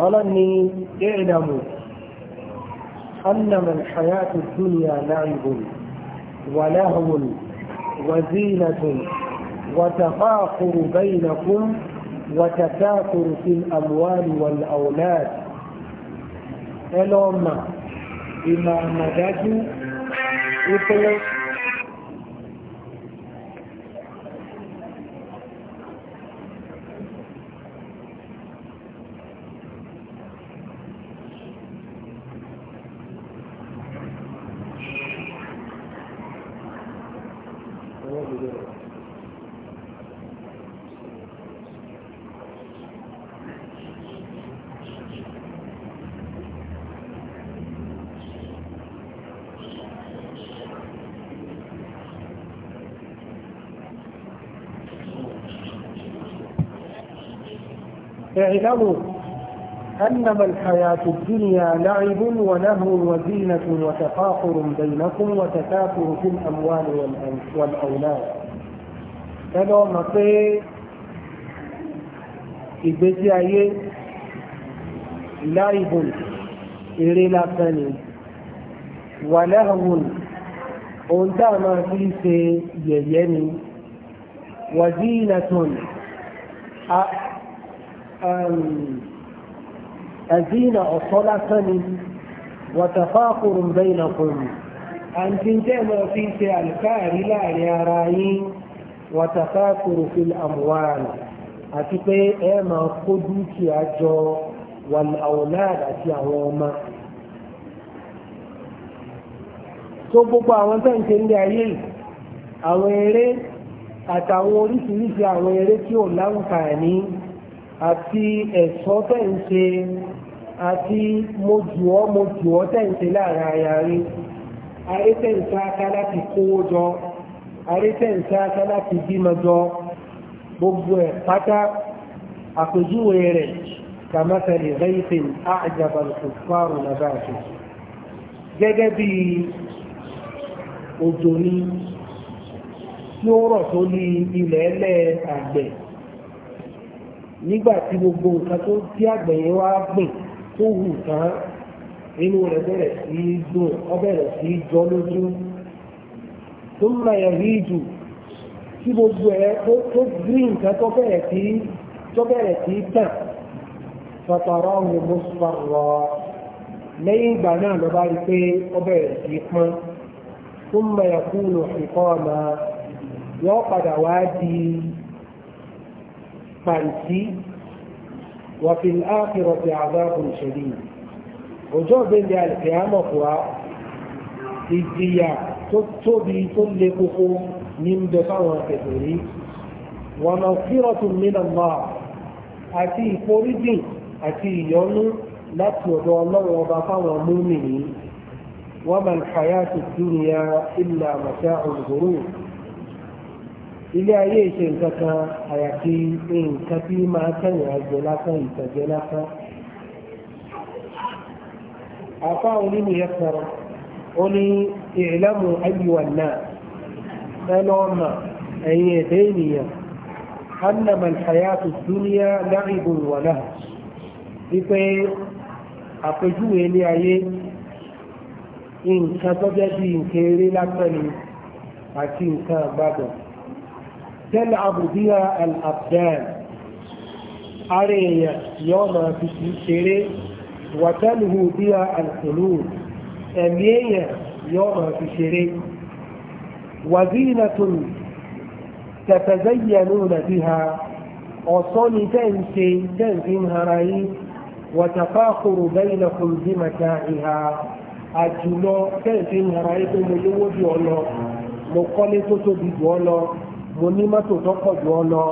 قالني اعلم أنما الحياة الدنيا لعب ولهو وزينة وتفاخر بينكم وتكاثر في الأموال والأولاد إلهم بما مدد إطلق اعلموا أنما الحياة الدنيا لعب ولهو وزينة وتفاخر بينكم وتكاثر في الأموال والأولاد ẹnu ọ̀nà pé ìgbésí ayé láìbùn eré lásán ni wà lẹ́hùn ohun tá a máa fi ṣe yẹ̀yẹ́ ni wà dínàtùn àzínà ọ̀sọ́ lásán ni wàtàfáàkùrùn bẹ́ẹ̀nà kùnrin àǹtí jẹ́ mọ́ fi ṣe àlùkáàrí láàrin ara yín wàtàfáàkùrùn fi àmúwárì àti pé ẹ máa kó dúkìá jọ wàlàwòláàdì àti àwọn ọmọ. tó gbogbo àwọn tó ń ṣe ní ayé yìí àwọn eré àtàwọn oríṣiríṣi àwọn eré tí ò láǹfààní àti ẹ̀sọ́ tẹ̀ ń ṣe àti mojùọ́ mojùọ́ tẹ̀ ń ṣe láàrin aya rí ayé tẹ̀ ń sáká láti kówó jọ ayé tẹ̀ ń láti bímọ jọ gbogbo ẹ̀ pátá àpèjúwe rẹ̀ kàmátàlì rẹ́yìn àjàbà kòfàrò nàbàṣe gẹ́gẹ́ bí òjò ni tí ó rọ̀ tó ní ilẹ̀ ẹlẹ́ àgbẹ̀ nígbà tí gbogbo nǹkan tó tí àgbẹ̀ yẹn wá gbìn tó hù tán inú rẹ̀ bẹ̀rẹ̀ sí í dùn ọ bẹ̀rẹ̀ sí í jọ lójú tó ń ra ẹ̀rí ìjù tí gbogbo ẹ̀ tó gírí nǹkan tó bẹ̀rẹ̀ sí tó bẹ̀rẹ̀ sí tàn fọ̀tọ̀rọ̀ ọ̀hún ló sọ̀rọ̀ lẹ́yìn ìgbà náà ló bá rí pé ó bẹ̀rẹ̀ sí pọ́n tó ń ra ẹ̀kú lò kọ́ ọ̀nà yọ padà wá di pàǹtí wàfin áàkìrọ̀tì àgbàbùn ṣẹ̀rí ọjọ́ ìgbẹ́lẹ̀ àìsíámọ̀ fúwa ìjìyà tó tóbi tó le koko ní ń bẹ fáwọn akẹ̀kẹ̀ rí wà máa kírọ̀tù mìíràn máa àti ìforíjìn àti ìyọnú láti ọ̀dọ̀ ọlọ́run ọba fáwọn múmi yìí wà máa kàyà tó dúnìyà ìlà màtá òǹgòrò ilé ayé ìṣe nǹkan kan àyàfi nǹkan tí máa kẹ́yìn àjẹ lásán ìtàjẹ lásán. àfa onímù yẹn sọ̀rọ̀ ó ní ìlẹ́mù ayíwà náà ẹnu ọmọ ẹ̀yìn ẹ̀dẹ́ ènìyàn annama alhayatu duniya la'ibun wa lahu wípé àpèjúwe ilé ayé nǹkan tó jẹ́ bí nǹkan eré lásán ni àti nǹkan àgbàdàn تلعب بها الأبدان أري يوم في الشري وتلهو بها القلوب اميه يوم في الشري وزينة تتزينون بها وصل تنسي تنسي هرائي وتفاخر بينكم بمتاعها أجلو تنسي هرائي تمليو جعلو مقالة تبدو mo ní mọ́tò tó pọ̀ jù ọ lọ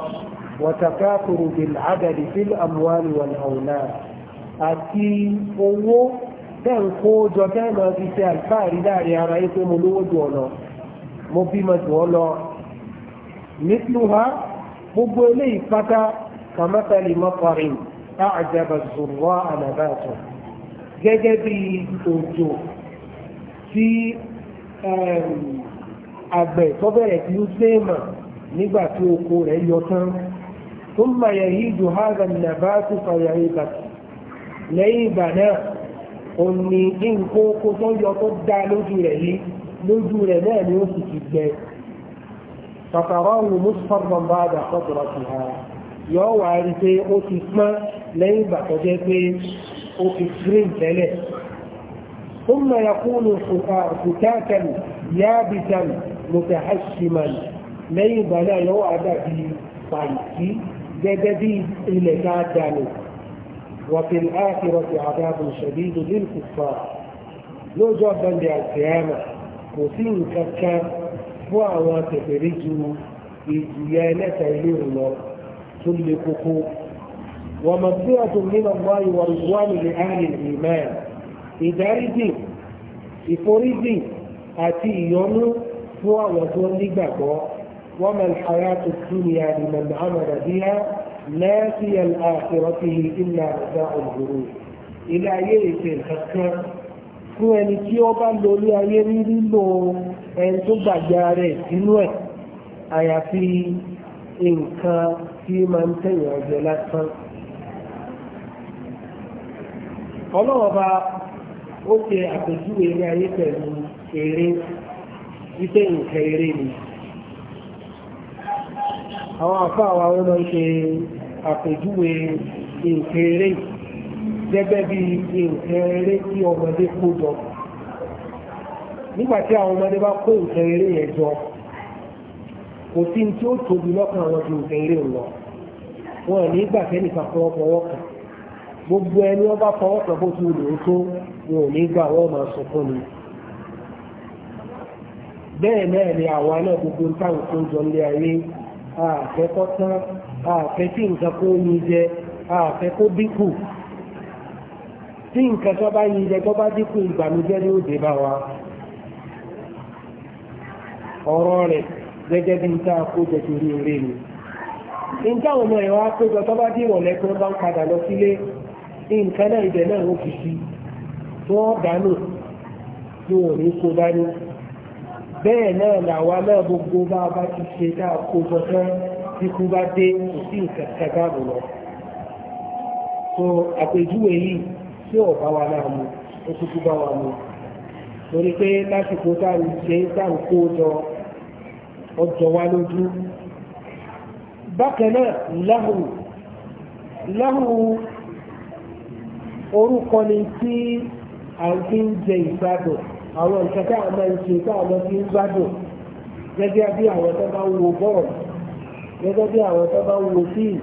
wọ̀tàkàkùrù bìláàdàdì fíl àmúwárì wà láwùná àti owó tẹ́ ń kó jọ tẹ́ lọ fi ṣe àlùfáàrí láàrin ara yìí pé mo lówó jù ọ lọ mo bímọ jù ọ lọ nítorí gbogbo eléyìí pátá kàmátàlì mọ́kọrin àjàbà zùrọ̀ ànàbàtọ̀ gẹ́gẹ́ bí òjò tí àgbẹ̀ tó bẹ̀rẹ̀ tí ó sèémà nígbà tí oko rẹ̀ yọ tán tó ń ma yẹ̀yí ju hàgà nàbà tó fàyà ìgbà lẹ́yìn ìgbà náà òní nǹkan oko tó yọ tó dá lójú rẹ̀ yìí lójú rẹ̀ náà ni ó sì ti gbẹ fàkàrọ̀hùn mùsùlùmí bá dà fọ́tọ̀rọ̀ sí ha yọ wà rí pé ó ti pọ́n lẹ́yìn ìgbà tó jẹ́ pé ó fi green tẹ́lẹ̀ ثم يكون فتاكا يابسا متحشما lẹ́yìn ìgbà náà yóò wá dàbí pàǹtí gẹ́gẹ́ bí ilẹ̀ tá a dànù wọ́pẹ̀ áàkìrọ̀tì àdáàbò ṣẹ̀bí ìdílé kùfà lóòjọ́ bẹ̀ndẹ̀ àtìyàmà kò sí nǹkan kan fún àwọn tẹ̀fẹ̀rí ju ìjìyà ẹlẹ́ta ilé ìrùlọ tó le koko wọ́n mọ̀ sí ọ̀tún nínú wáyé wọ́n wá nílé àárín ìmọ̀ àti ìyọnú fún àwọn tó nígbàgbọ́ وما الحياة الدنيا لمن عمل بها لا في الآخرته إلا متاع الغرور إلى أيه الحكام fún ẹni tí ó bá lò ní ayé rí lílo ẹni tó gbàgbà rẹ̀ sínú ẹ̀ àyàfi nǹkan tí máa ń tẹ̀yàn ọjọ́ lásán. ọlọ́wọ́ ó ṣe àpèjúwe ní ayé pẹ̀lú eré wípé nǹkan eré ni àwọn afá àwọn àwọn ọmọ ṣe àpèjúwe nǹkan eré gẹ́gẹ́ bí nǹkan eré tí ọmọdé kó jọ nígbà tí àwọn ọmọdé bá kó nǹkan eré yẹn jọ kò sí tí ó tóbi lọ́kàn àwọn ju nǹkan eré lọ wọn ní ìgbà kẹ́nìkan fọwọ́ fọwọ́ kàn gbogbo ẹni wọn bá fọwọ́ kàn bó ti wù lóò tó wọn ò ní gbà wọn máa sọ fún mi bẹ́ẹ̀ náà ni àwa náà gbogbo táwọn tó ń jọ nílé ayé àfẹ́kọ́ tán àfẹ́ tí nǹkan kó yin jẹ àfẹ́ dínkù tí nǹkan tó bá yin jẹ tó bá dínkù ìgbàmújẹ́ ní bá wa ọ̀rọ̀ rẹ̀ gẹ́gẹ́ bí nta àkójọ torí eré nta ọmọ tó bá dín tó bá ń padà lọ sílé nǹkan bẹ́ẹ̀ náà làwa náà gbogbo bá a bá ti ṣe dáa kó bọ́ tán tí kú bá dé kò sí nǹkan kẹta bò lọ. so àpèjúwe yìí tí ò bá wa náà mu ó kúkú bá wa mu torí pé lásìkò tá à ń ṣe ń kó jọ ọjọ́ wa lójú. bákan náà láhùn láhùn orúkọ ni tí à ń fi ń jẹ ìgbádùn àwọn nǹkan tá a máa ń ṣe tá a máa fi ń gbádùn gẹ́gẹ́ bí àwọn tó bá ń wo bọ́ọ̀lù gẹ́gẹ́ bí àwọn tó bá ń wo fíìmù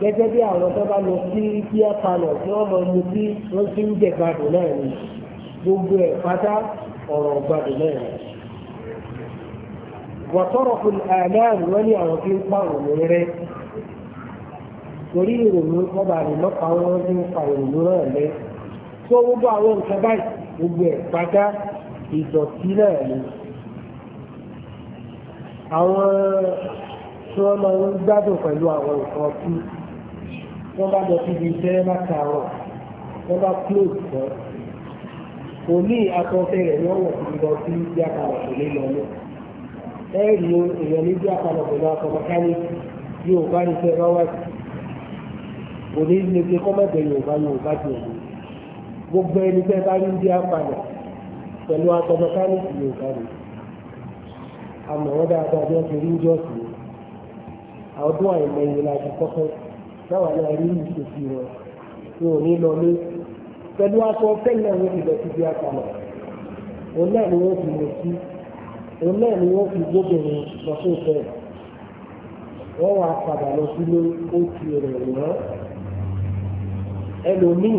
gẹ́gẹ́ bí àwọn tó bá lọ sí bíá palọ̀ tí wọ́n máa mu bí wọ́n ti ń jẹ gbádùn náà ni gbogbo ẹ̀ pátá ọ̀rọ̀ gbádùn náà ni. wàtọ́rọ̀ fún àdáàrú wọ́n ní àwọn tí ń pa òun rẹ́ torí ìròyìn ọba àrùn mọ́pa wọn ti ń pa òun náà lẹ́ tó gbogbo àwọn nǹkan báyìí gbogbo ẹ̀ pátá ìdọ̀tí náà ni àwọn tí wọ́n máa ń gbádùn pẹ̀lú àwọn nǹkan ọtí wọ́n bá lọ síbi iṣẹ́ látàárọ̀ wọ́n bá close tán òní àtọ́fẹ́ rẹ̀ ni wọ́n wọ̀ síbi lọ sí bí àkàlọ̀ kò lè lọ lọ ẹ̀rí èèyàn ní bí àkàlọ̀ kò lọ akọ mẹkáníìkì yóò bá ní fẹ́ bá wá sí òní ní pé kọ́mọ̀dé yóò bá yóò bá ti òní gbogbo ẹni tẹ́ bá rí bí apàdà pẹ̀lú aṣọ mẹkáníìkì yóò kárì àmọ́ wọ́n dáadáa bí wọ́n ti rí ìjọ sí ọdún àìmọye la ti kọ́kọ́ náà náà rí ìṣèṣì wọn ní òní lọ ní pẹ̀lú aṣọ fẹ́lẹ̀ wọn ti lọ sí bí apàdà òun náà ni wọ́n fi lè sí òun náà ni wọ́n fi gbóbìnrin lọ sí ìfẹ́ wọ́n wá padà lọ sílé ó ti rẹ̀ wọ́n ẹlòmíì.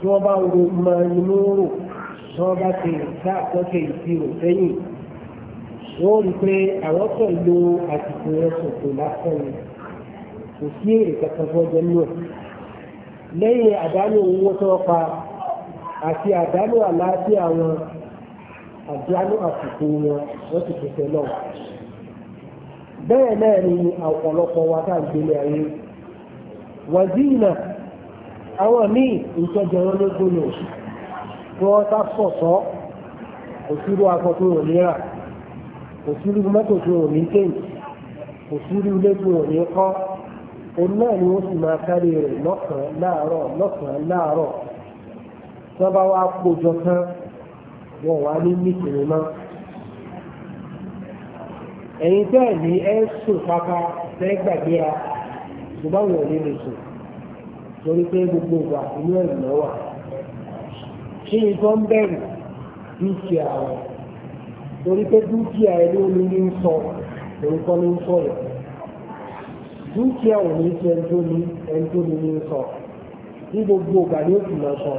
tí wọ́n bá ro mọ inú rò tí wọ́n bá ṣe ìta àkọ́ṣe ìṣirò sẹ́yìn wọ́n rí pé àwọn kan lo àsìkò yẹn ṣòfò lásán ni kò sí èrè kankan tó jẹ nínú ẹ̀. lẹ́yìn àdánù owó tó pa àti àdánù àlàáfíà wọn àdánù àsìkò wọn wọ́n ti pèsè náà. bẹ́ẹ̀ náà ni ọ̀pọ̀lọpọ̀ wa tá à ń gbélé ayé wàzínà. àwọn míì ìjọjọ wọn ló sọsọ tí wọ́n bá sọ̀tọ̀ kò sírú akọ tó wọ̀ níra kò sírú tó wọ̀ ní kéyìí kò ilé tó wọ̀ ní kọ́ òun náà ni wọ́n sì máa kárí rẹ̀ lọ́kàn láàárọ̀ lọ́kàn láàárọ̀ tí wọ́n bá ni ẹ sùn pápá fẹ́ a torí pé gbogbo ìgbà inú ẹ̀rù lọ́wà kí ni tó ń bẹ̀rù dúkìá rẹ̀ torí pé dúkìá ẹ̀ ló ní ń sọ orúkọ ló ń sọ rẹ̀ dúkìá ò ní ṣe ẹni tó ní ẹni tó ní ń sọ ní gbogbo ìgbà ni ó sì lọ sọ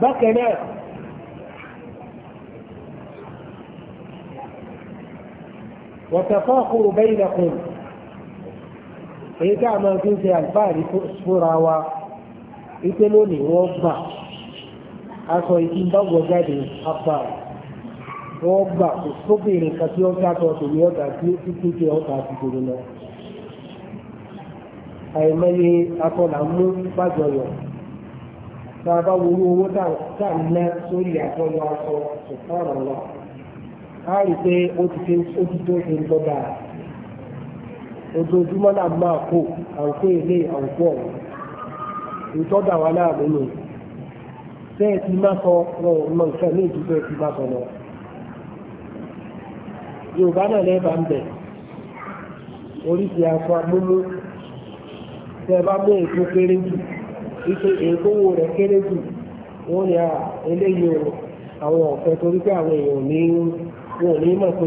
bákan náà wọ́n tẹ̀fọ́ àkórò bẹ́yìn lẹ́kùnrin èyí tá a máa fi ń ṣe àlùfáàrí fúnra wa wípé lónìí wọ́n gbà aṣọ ìdínbàgbọ̀ jáde apá wọ́n gbà kò sóbìnrin kan tí wọ́n dákọ̀ tòmí ọ̀gá tí ó tún tún ọ̀gá ti dòdò lọ. àìmọye mú tá a bá wúrú owó tá a ná sórí àjọyọ̀ aṣọ ṣùgbọ́n àwọn a rí pé ó ti tó ṣe ń ojoojúmọ́ náà máa kó àǹkó ilé àǹkó ọ̀hún ìtọ́jà wa náà lónìí bẹ́ẹ̀ ti má sọ wọn ò mọ nǹkan ní ìdúgbò ti má sọ lọ. yorùbá náà lẹ́ẹ̀bà ń bẹ̀ oríṣi aṣọ amúmú tẹ bá mú èkó kéré jù wípé èkó wo rẹ̀ kéré jù wọ́n ní eléyìí o àwọn ọ̀fẹ́ torí pé àwọn èèyàn ní wọn ò ní mọ̀ pé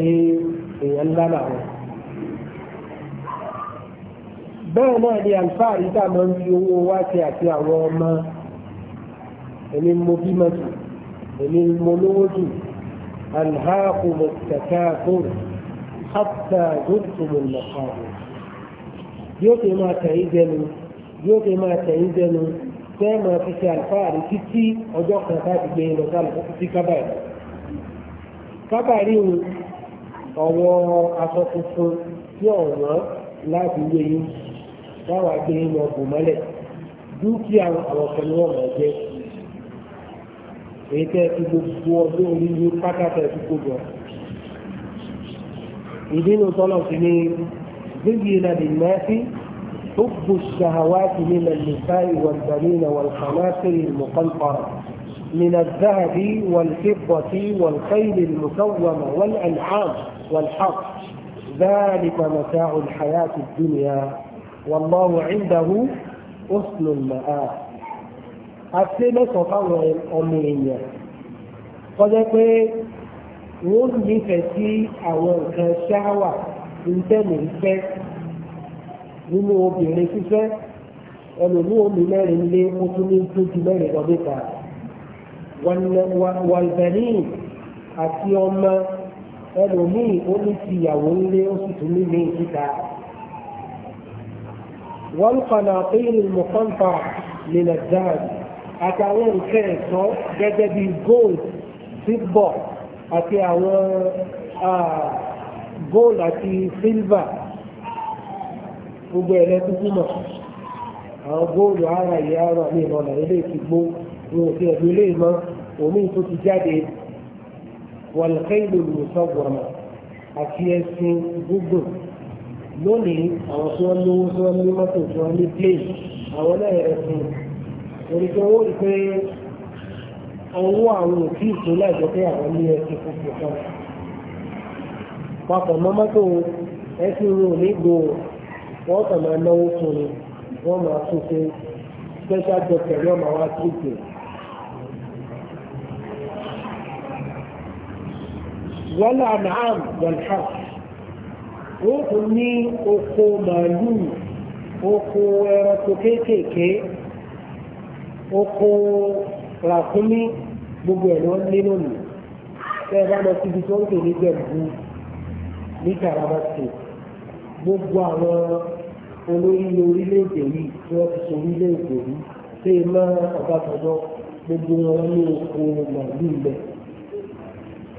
èèyàn ńlá làwọn bẹ́ẹ̀ náà ni àlùfáà yìí tá a máa ń fi owó wá ṣe àti àwọn ọmọ èmi mo bímọ jù èmi mo lówó jù alhaaku mo tẹ̀ka fún hàtà gúrùtù mo nàkà rẹ̀ yóò ṣe máa tẹ̀yìn jẹnu yóò ṣe máa tẹ̀yìn jẹnu tẹ́ máa fi ṣe àlùfáà rí títí ọjọ́ kan láti gbé e lọ sálùkọ́ títí kábàárì kábàárì ọ̀wọ́ aṣọ tuntun tí ọ̀wọ́ láti wé táwa gbé lọ bò mọ́lẹ̀ dúkìá àwọn kan ní wọ́n èyí tẹ́ ti gbogbo ọdún ní sí ni زين للناس حب الشهوات من النساء والبنين والقناطر المقنطرة من الذهب والفضة والخيل المسومة والأنعام والحق ذلك متاع الحياة الدنيا والله indahu husnul ma'ab àti lọ́sàn fáwọn ọmọ èèyàn kọjá pé wọ́n nífẹ̀ẹ́ sí àwọn nǹkan ṣáwà ìtẹ́nu ìfẹ́ nínú obìnrin fífẹ́ ẹlòmí omi mẹ́rin lé ó tún ní tó mẹ́rin lọ níta wàlbẹ̀rin àti ọmọ ẹlòmí ó ní tìyàwó ńlé ó sì tún ní ní ìta. والقناطير المقنطرة من الذهب àtàwọn nǹkan ẹ̀sọ́ gẹ́gẹ́ bí gold silver àti àwọn gold àti silver gbogbo ẹ̀lẹ́kúkú mọ̀ àwọn góòlù ara ìyá ara mi ìrọ̀lẹ́ ilé ìtìgbó ní òfin ẹ̀dùn ilé ìmọ̀ omi tó ti jáde wọ̀lẹ́kẹ́ ìlú ìmùsọ̀gbọ̀nà àti ẹṣin gúgùn lónìí àwọn tí wọ́n lówó tí wọ́n ní mọ́tò tí wọ́n ní plane àwọn náà rẹ̀ fún orí tí wọ́n rí pé owó àwọn òkú ìtò láìjọ pé àwọn ní ẹsẹ̀ fúnfún kan papọ̀ mọ́ mọ́tò ẹsẹ̀ ìrìn òní gbòòrò wọ́n kàn máa náwó fún ni wọ́n máa tún ṣe special doctor yóò máa wá tìrìtì. wọ́n lọ àmàhàn wọ̀lhàn wọ́n tún ní oko màálù oko ẹranko kéékèèké oko ràkúnmí gbogbo ẹ̀ ló ń lé lónìí tẹ́ ẹ bá lọ síbi tó ń pè ní gbẹ̀gbù ní Taraba State gbogbo àwọn olórí orílẹ̀-èdè yìí tí wọ́n ti ṣe orílẹ̀-èdè yìí ṣé é má ọ̀gáfọ̀dọ́ gbogbo wọn ní oko màálù lẹ̀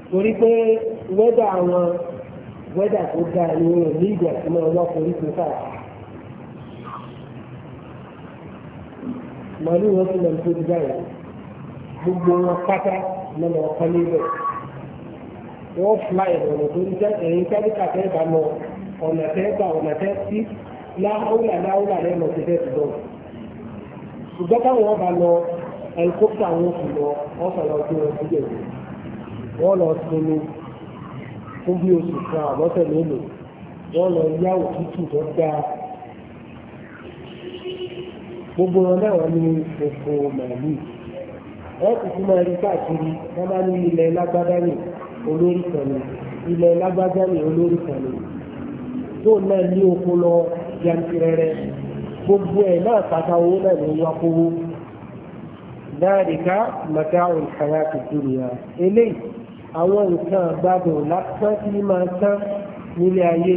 torí pé wẹ́dà àwọn wẹ́dà tó dáa ni wọn ní ìgbà tí wọn lọ forí tó fà. màálù wọn ti lọ tó dáa yìí gbogbo wọn pátá lọ́nà ọ̀kan níbẹ̀. wọ́n fúnra ìrọ̀lẹ́ tó ń jẹ́ ẹ̀yìn kẹ́ríkà fẹ́ bá lọ ọ̀nà tẹ́ gbà ọ̀nà tẹ́ sí láhùlà láhùlà lẹ́nu ti fẹ́ ti lọ. ṣùgbọ́n táwọn bá lọ ẹ̀ńkópítà wọn kù lọ wọ́n sọ̀rọ̀ ọdún ọdún yẹn wọ́n lọ sinmi fún bí oṣù kan àbọ̀tẹ̀ lónìí wọ́n lọ yá òtútù tó dáa gbogbo wọn náà ní òfò màálù wọ́n ti fi máa rí káàkiri wọ́n bá ní ilẹ̀ lágbádá ní olórí kan ní ilẹ̀ lágbádá ní olórí kan ní tó náà ní oko lọ yantirẹrẹ gbogbo ẹ̀ náà pátá owó náà ló wá kówó dáadìka màkà òǹkàyà tó dúró ya eléyìí àwọn nǹkan àgbàdùn lásán tí máa tán nílé ayé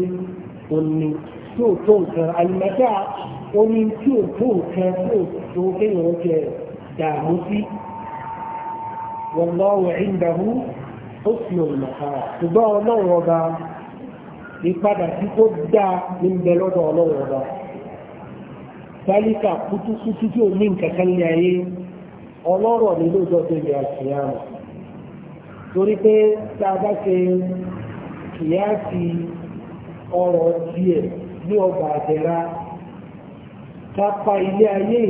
òní tí ò tó nǹkan àlùmọ́tà oní tí ò tó nǹkan tí ò tó kéèyàn jẹ dààmú sí wallahu indahu ó sì ọ̀nà ṣùgbọ́n ọlọ́run ọba ìpadà tí kò dáa ní bẹ lọ́dọ̀ ọlọ́run ọba tálíkà kútúkútú tí ò ní nǹkan kan lé ayé ọlọ́rọ̀ nílò ìjọba ìgbà àṣìyàn torí pé tá a bá ṣe kìyàsí ọrọ̀ díẹ̀ ní ọgbà àjẹrà kápá ilé ayé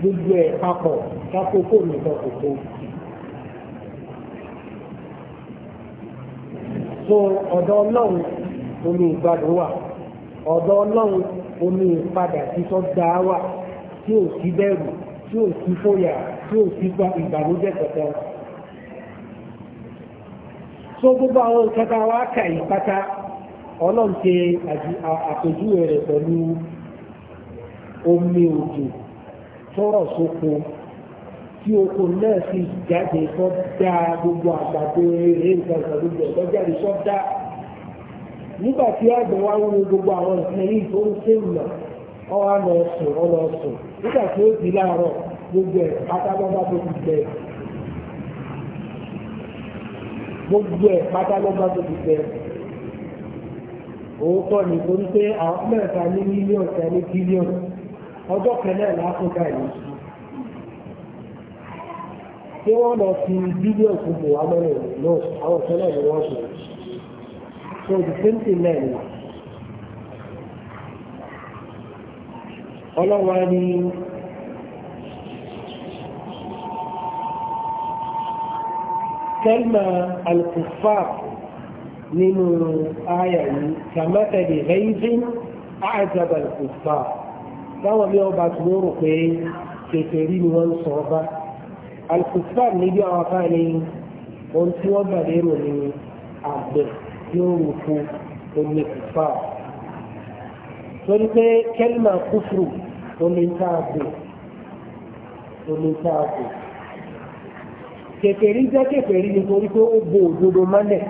gbogbo ẹ̀ papọ̀ kápókò nìkan kòkó. so ọ̀dọ̀ ọlọ́run omi ìgbàdùn wà ọ̀dọ̀ ọlọ́run omi ìpadà títọ́ dá wà tí ò sí bẹ̀rù tí ò sí fòyà tí ò sí ìbànújẹ́ kẹ̀kẹ́ so gbogbo àwọn nǹkan tá a wá kà yìí pátá ọlọ́run ṣe àpèjúwe rẹ̀ pẹ̀lú omi òjò tọ́rọ̀ sóko tí oko náà sì jáde tó dá gbogbo àgbàdo eré nǹkan kan gbogbo ẹ̀ tó jáde tó dá nígbà tí àgbẹ̀ wá ń wo gbogbo àwọn nǹkan yìí tó ń ṣe ìmọ̀ ọwọ́ lọ sùn ọ lọ sùn nígbà tí ó di láàárọ̀ gbogbo ẹ̀ pátápátá tó ti bẹ̀rẹ̀ gbogbo ẹ̀ pátá ló bá tóbi tẹ òótọ́ ni torí pé àwọn mẹ́ta ní mílíọ̀nù ta ní bílíọ̀nù ọjọ́ kan náà láfíríkà yìí tí wọ́n lọ fi bílíọ̀nù fún buhari náà àwọn kan náà ni wọ́n sọ so the same thing náà ni ọlọ́wọ́ ni. kẹ́lìmọ̀ alùpùpà nínú àyà yìí kàmátàdì rẹ́yìn àjàbà alùpùpà táwọn bí wọ́n bá tún rò pé kékeré ni wọ́n ń sọ ọba alùpùpà níbi àwọn afá ni ohun tí wọ́n gbà lérò ni àgbẹ̀ tí ó rò fún omi pùpà torí pé kẹ́lìmọ̀ kúfùrù omi ń tààbò omi ń tààbò kèfèrí jẹ́ kèfèrí nítorí pé ó bo òdodo mọ́lẹ̀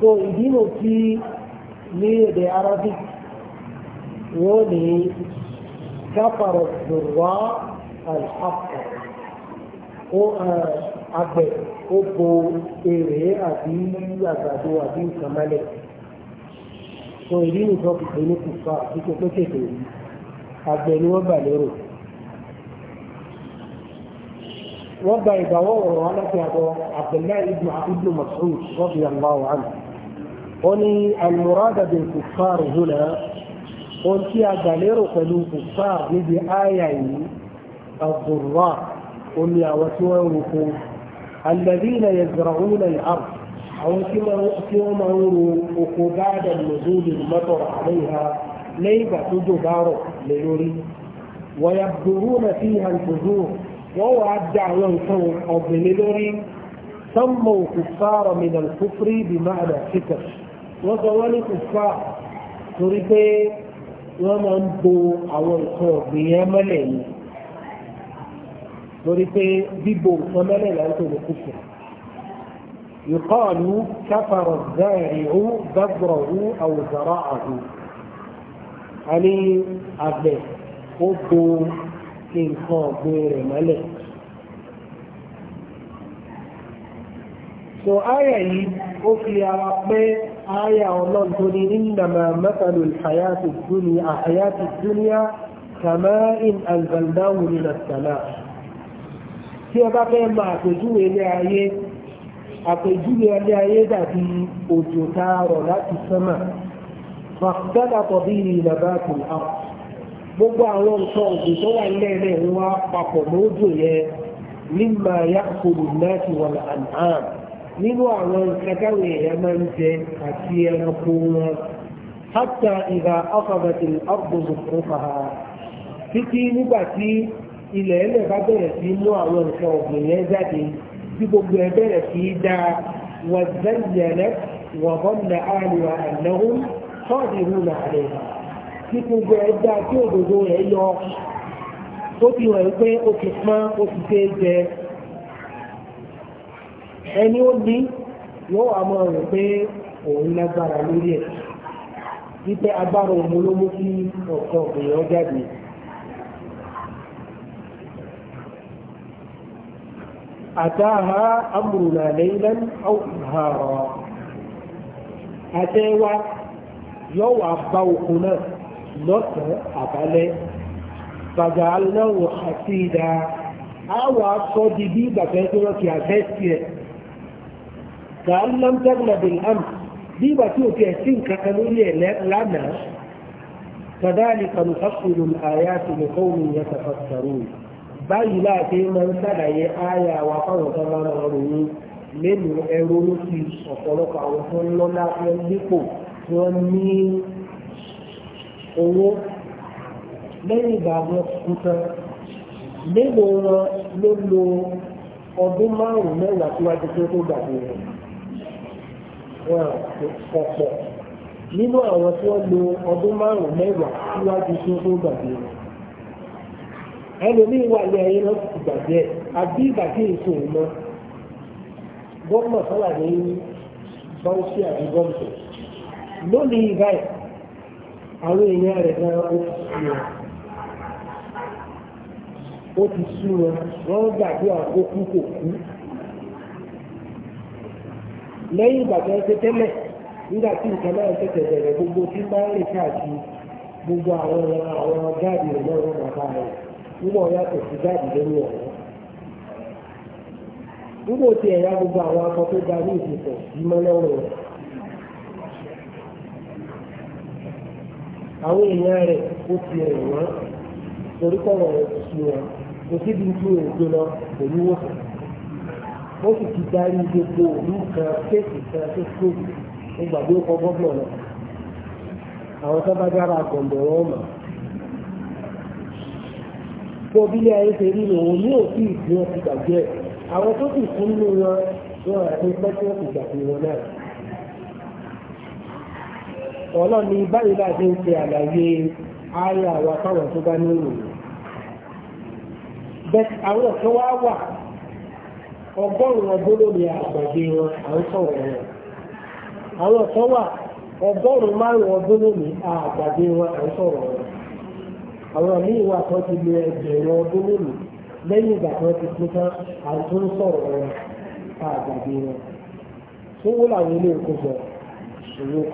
so ìdí nù tí ní èdè Arabic wọ́n ní kápárọ̀ dùrọ̀ àìsàkọ̀ ó àgbẹ̀ ó bo èrè àbí àgbàdo àbí nǹkan mọ́lẹ̀ so ìdí tó fi pè ní kùfà àti pé kèfèrí àgbẹ̀ ni wọ́n bà lérò. وضع يدور على عبد الله بن ابن مسعود رضي الله عنه قل المراد بالكفار هنا قلت يا دليل قلو كفار نبي آية الضراء قل يا وسوره الذين يزرعون الأرض أو كما يؤتونه بعد النزول المطر عليها ليس جدار ليري ويبذرون فيها الفجور wọ́n wá dá àwọn nǹkan ọ̀gbìnlẹ̀ lórí sánmọ̀ kùfàrọ̀ mìíràn kúfúrí bí máa nà kíkà wọ́n sọ wọ́n ní kùfà torí pé wọ́n máa ń bo àwọn nǹkan ọ̀gbìn yẹn mọ́lẹ̀ ni torí pé bíbo nǹkan mọ́lẹ̀ là ń tòlè kúfù ìkọ́ọ̀lù káfàrọ̀ záàrìhù gbàgbọ̀rọ̀hù àwùzọ̀rọ̀ àhù. a ní àgbẹ̀ ó bo ṣe nǹkan ọ̀gbìn rẹ̀ mọ́lẹ̀. so aya yìí ó fi ara pé aya ọlọ́run tó ní innama mathalu al-hayati ad-dunya hayati ad-dunya kama'in anzalnahu minas sama' tí ẹ bá fẹ́ mọ àpèjúwe ilé ayé àpèjúwe ilé ayé dàbí òjò tá a rọ̀ láti sánmà bí ìlàbà kò hàn gbogbo àwọn nǹkan ọ̀gbìn tó wà nílẹ̀ náà ni wọ́n á papọ̀ lójú yẹn mímọ yàkùrù náà ti wà láàán nínú àwọn nǹkan táwọn èèyàn máa ń jẹ àti ẹranko wọn hátà ìgbà ọkọ̀bẹ̀tì ọ̀gbọ̀gbọ̀ fún fàá títí nígbà tí ilẹ̀ ẹlẹ̀ bá bẹ̀rẹ̀ sí mú àwọn nǹkan ọ̀gbìn yẹn jáde tí gbogbo ẹ bẹ̀rẹ̀ sí dáa wà zẹ́yẹ̀lẹ́ wà bọ́m̀dà àlùwà àlẹ́hùn tọ́ọ̀dì hùn tí gbogbo ẹ̀ dá tí òdòdó rẹ̀ yọ tó fi hàn pé ó ti pọ́n ó ti fẹ́ jẹ ẹni ó ní yóò wá mọ̀ rẹ̀ pé òun lágbára lórí ẹ̀ wípé agbára òun ló mú kí ọ̀kan òbèèyàn jáde. àtàhà amúrùnà lẹ́yìnlẹ́n àtẹ́wà yóò bá lọ́sàn-án àbálẹ́ bàbá aláwọ̀ àti ìdá àwọ̀ aṣọ di bí bàbá ẹgbẹ́ wọn ti àfẹ́sì ẹ̀ kà á lọ́n bí àm bí ìgbà tí òkè ẹ̀sìn kankan lórí ẹ̀ lánàá كذلك نفصل الآيات لقوم يتفكرون báyìí láti máa ń sàlàyé àyà wa fáwọn tó máa ń ròyìn lẹ́nu ẹrú ló ọ̀pọ̀lọpọ̀ àwọn tó ń lọ́lá fún nípò owó lẹ́yìn ìgbà wọn kú tán wọn ló lo ọdún márùn-ún mẹ́wàá síwájú tó tó gbàgbé rẹ̀ wọn ọ̀pọ̀ nínú àwọn tí wọ́n lo ọdún márùn-ún mẹ́wàá tó tó gbàgbé rẹ̀ ẹlòmíín wà ní náà ti gbàgbé àbí ìgbàgbé èso ìmọ̀ gómìnà sọ́wà ní báwùsí àbí àwọn èèyàn rẹ̀ náà ó ti sú wọn ó ti sú wọn wọ́n gbàdúrà ó kò kú lẹ́yìn ìgbà tó tẹ́lẹ̀ nígbà tí nǹkan náà tẹ̀tẹ̀ bẹ̀rẹ̀ gbogbo tí bá ń rìn káàkiri gbogbo àwọn àwọn gáàdì rẹ̀ náà wọ́n bàbá rẹ̀ nígbà wọn yàtọ̀ sí gáàdì lórí ọ̀rọ̀ nígbà tí ẹ̀yà gbogbo àwọn akọ tó ga ní ìdìbò yìí rẹ̀ àwọn èèyàn rẹ̀ ó ti rẹ̀ wọ́n torí kọ́wọ́ rẹ̀ ti ṣe wọn kò sí ibi tí òun gbé lọ pẹ̀lú wòsàn ó sì ti darí gbogbo òlú kan kéèkì kan tó tóbi nígbàgbé ó kọ gọ́ọ̀mọ̀ lọ àwọn tó bá dára gbọ̀ǹdọ̀ wọn mọ̀ tó bí ilé ayé ṣe rí ni òun ní òfin ìdí wọn ti gbàgbé àwọn tó sì fún nínú wọn wọn àti pẹ́ẹ́tì wọn ti gbàgbé wọn náà. ọlọ́run ní báyìí bá ti ń ṣe àlàyé ayé àwa káwọn tó bá ní ìròyìn bẹ́ẹ̀ àwọn kan wá wà ọgọ́rùn-ún ọdún lórí wọn à sọ̀rọ̀ wọn àwọn kan wà ọgọ́rùn-ún wọn sọ̀rọ̀ wọn àwọn míì wà ti ẹgbẹ̀rún ọdún lórí lẹ́yìn ìgbà ti tán ń sọ̀rọ̀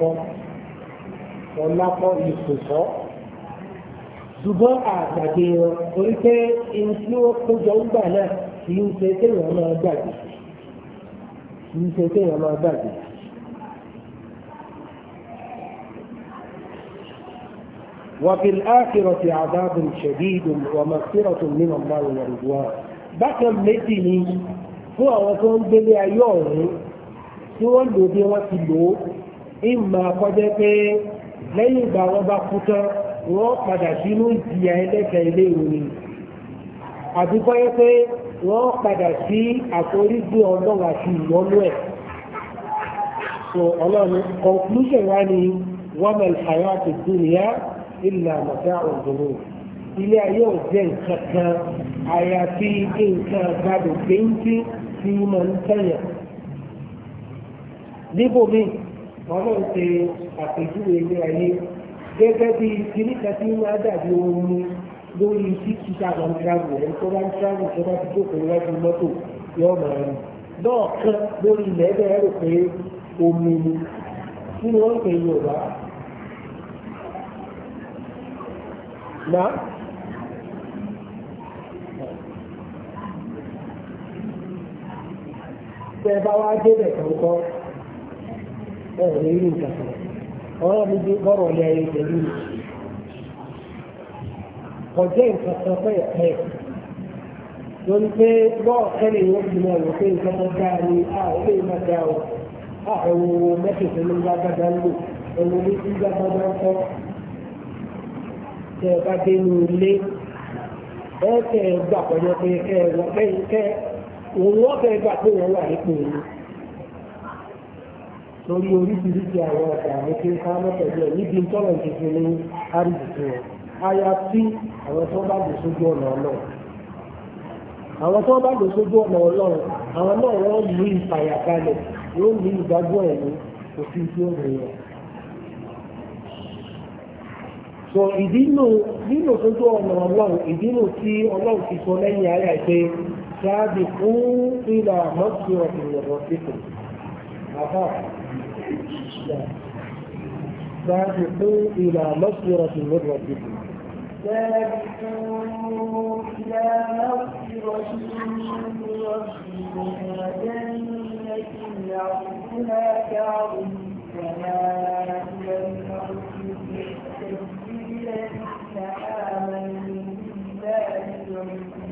wọn ọ̀la kọ́ ipò kọ́ ṣùgbọ́n àgbàgbé wọn torí pé ohun tí ó kójọ ń gbà náà kì í ṣe téèyàn máa gbàgbé kì í ṣe téèyàn máa gbàgbé. وفي الآخرة عذاب شديد ومغفرة من الله ورضوان bákan méjì ni fún àwọn tó ń gbélé ayé ọ̀run tí lẹ́yìn ìgbà wọn bá kú tán wọ́n padà sínú ìjìyà ẹlẹ́sẹ̀ ilé ìwé àti kọ́yẹ́ pé wọ́n padà sí àforíjì ọlọ́run àti ìwọ́nú ẹ̀ so ọlọ́run conclusion wa ni wọ́n mẹ́rin àyà àti dúnìyà ìlà àmọ̀tá òǹdòrò ilé ayé òjẹ́ nǹkan kan àyàfi nǹkan gbàdùn péńtì tí wọ́n máa ń tẹ̀yàn níbòmíì ọlọ́run ṣe àpèjúwe ilé ayé gẹ́gẹ́ bí kìíní kan tí máa dàbí omi lórí títí táwọn ń tíráàbù ẹ̀ tó bá ń tíráàbù tó bá ti jókòó níwájú mọ́tò yóò mọ̀ ẹ́ lọ́ọ̀kan lórí ilẹ̀ ẹ̀bẹ̀ ẹ̀rọ pé omi ni kí ni wọ́n pè é Yorùbá. Náà tẹ bá wá débẹ̀ kankan. ọ̀rọ̀ lè rí nǹkan kan ọ̀rọ̀ mi bí bọ́rọ̀ lè ayé pẹ̀lú kọjá nǹkan kan pẹ́ẹ́pẹ́ lórí pé bọ́ọ̀ kẹ́lẹ̀ yóò fi mọ̀ wọ́n pé nǹkan kan dáa a ò lè lórí oríṣiríṣi àwọn ọ̀gá àwọn tí ń sáámọ́ pẹ̀lú ẹ̀ níbi tọ́lọ̀ ti fi ní àríjìtì wọn aya tí àwọn tó bá lè sójú ọ̀nà ọlọ́run àwọn tó bá lè sójú ọ̀nà ọlọ́run àwọn náà wọ́n ní ìfàyàkalẹ̀ yóò ní ìgbàgbọ́ ẹ̀mí òfin tí ó rè wọn. sọ ìdínú nínú sójú ọ̀nà ọlọ́run ìdínú tí ọlọ́run ti sọ lẹ́yìn ayé àìpé sáàbì fún ìlà mọ́tò ọ̀sìn ìrọ̀sìn àfáà سابقوا إلى مغفرة من ربكم سابقوا إلى مغفرة من ربكم وجنة عرضها كعرض السماء والأرض تسجيل آمنوا بالله ورسوله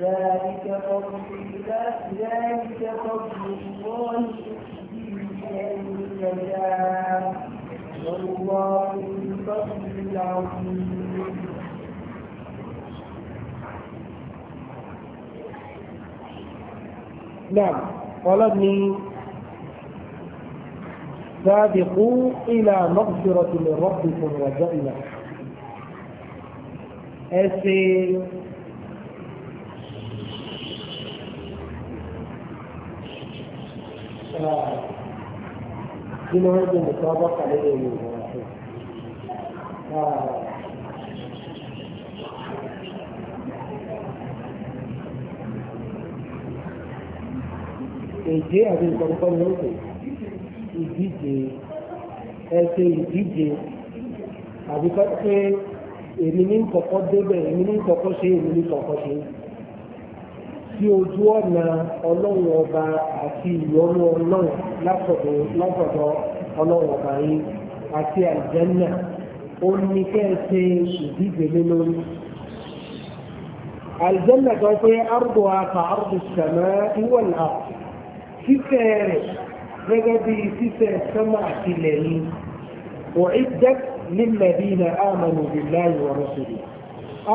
ذلك فضل الله ذلك فضل الله من يشاء والله نعم طلبني سابقوا إلى مغفرة من ربكم وجنة ẹsẹ منهج المطابقة للمواقف èdè àti ìkọ̀kọ́ ni ó pè ìdíje ẹsẹ̀ ìdíje àbíkọ́ pé èmi ní kọ̀kọ́ débẹ̀ èmi ní kọ̀kọ́ ṣe èmi ní kọ̀kọ́ ṣe sí ojú ọ̀nà ọlọ́run ọba àti ìyọ́nú ọlọ́run látọ̀dọ̀ ọlọ́run ọba yìí àti àlùjànnà ó ní kẹ́ ẹ ṣe ìdíje lé lórí. àlùjànnà kan pé arúgbó aka arúgbó sàmá ìwọ̀n náà fífẹ́ rẹ̀ gẹ́gẹ́ bí fífẹ́ sọ́mà àti ilẹ̀ wọ́n ì dẹ́k nílẹ̀ bí na ámàlù bìláyì wọ́n rẹ̀ sọ̀rọ̀. a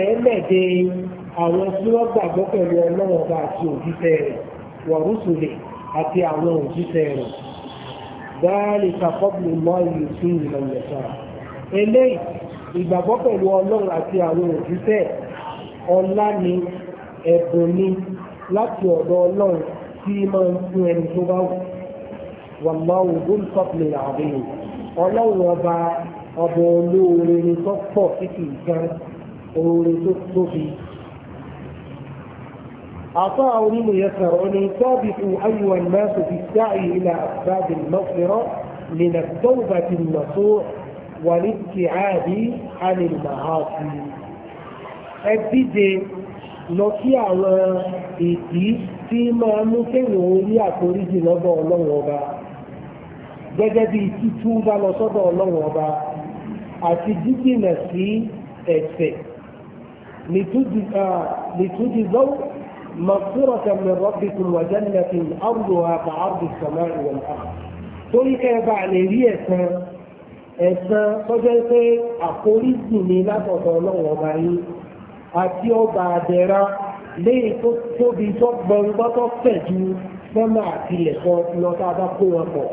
rẹ̀ lẹ́ẹ̀dẹ́ àwọn tí wọ́n gbàgbọ́ pẹ̀lú ọlọ́run ọba àti òjíṣẹ́ rẹ̀ wọ̀rúsùlẹ̀ àti àwọn òjíṣẹ́ rẹ̀ dáàlì kàkọ́bù mọ́ ìlú sí ìlọ̀lẹ̀ta eléyìí ìgbàgbọ́ pẹ̀lú ọlọ́run àti àwọn òjíṣẹ́ ọlá ni ẹ̀bùn ni láti ọ̀dọ̀ ọlọ́run tí máa ń fún ẹni tó bá wù wàláwù gólùkọ́pìlì àbẹ̀yìn ọlọ́run ọba ọba olóore ni tó pọ̀ títí ìkan oore tó tóbi عطاء من يسر أن يطابق أيها الناس في السعي إلى أسباب المغفرة من التوبة النصوح والابتعاد عن المعاصي الدين lọ sí àwọn ìdí tí máa mú kéèyàn orí àforíjì lọ́dọ̀ ọlọ́run ọba gẹ́gẹ́ bí títú bá lọ sọ́dọ̀ ọlọ́run ọba àti jíjìnà sí ẹ̀ṣẹ̀ lìtújì مغفرة من ربكم وجنة أرضها كعرض السماء والأرض torí kẹ́ ẹ bá lè rí ẹ̀san ẹ̀san tọ́jọ́ pé àforíjì ni látọ̀dọ̀ ọlọ́run ọba yín àti ọba àdẹ̀ra léyìn tó tóbi tó gbọ̀ngbọ́n tó fẹ̀ ju sọ́mà àti ẹ̀kọ́ lọ́tà bá kó wọn pọ̀.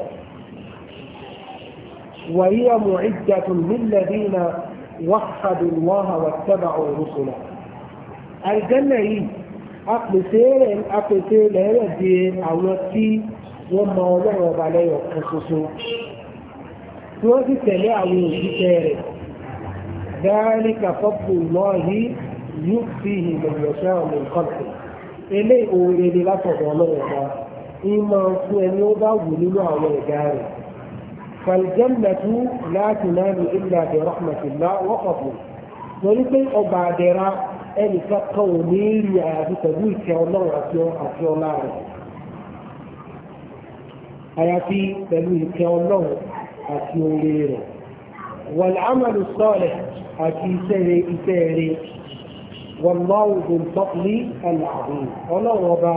wàyí ọmọ ìjàdùn nílẹ̀ dínà wàhádùn wàhà wàtẹ́bà òrùsùnà. àìjẹ́nà yìí apèsè rẹ̀ apèsè rẹ̀ rẹ̀ di àwọn tí wọ́n mọ ọlọ́run ọba lẹ́yọ̀ kan ṣoṣo tí wọ́n sì tẹ̀lé àwọn òjíṣẹ́ rẹ̀ dáálí kàfọ́pù lọ́ọ̀hí yóò fi ìmọ̀lẹ́sẹ̀ ọ̀nà ìkọ́sẹ̀ eléyìí oore látọ̀dọ̀ ọlọ́run ọba ìmọ̀ fún ẹni ó bá wù nínú àwọn ẹ̀dá rẹ̀ فالجنة لا تنال إلا برحمة الله وفضله ولكن أبادرة ẹnì kankan ò ní rí àyàfi pẹ̀lú ìkẹ́ ọlọ́run àti ọlá rẹ̀ àyàfi pẹ̀lú ìkẹ́ ọlọ́run àti oore rẹ̀ wal amalu salih àti iṣẹ́ iṣẹ́ rẹ̀ wallahu dhul fadli al-azim ọlọ́run ọba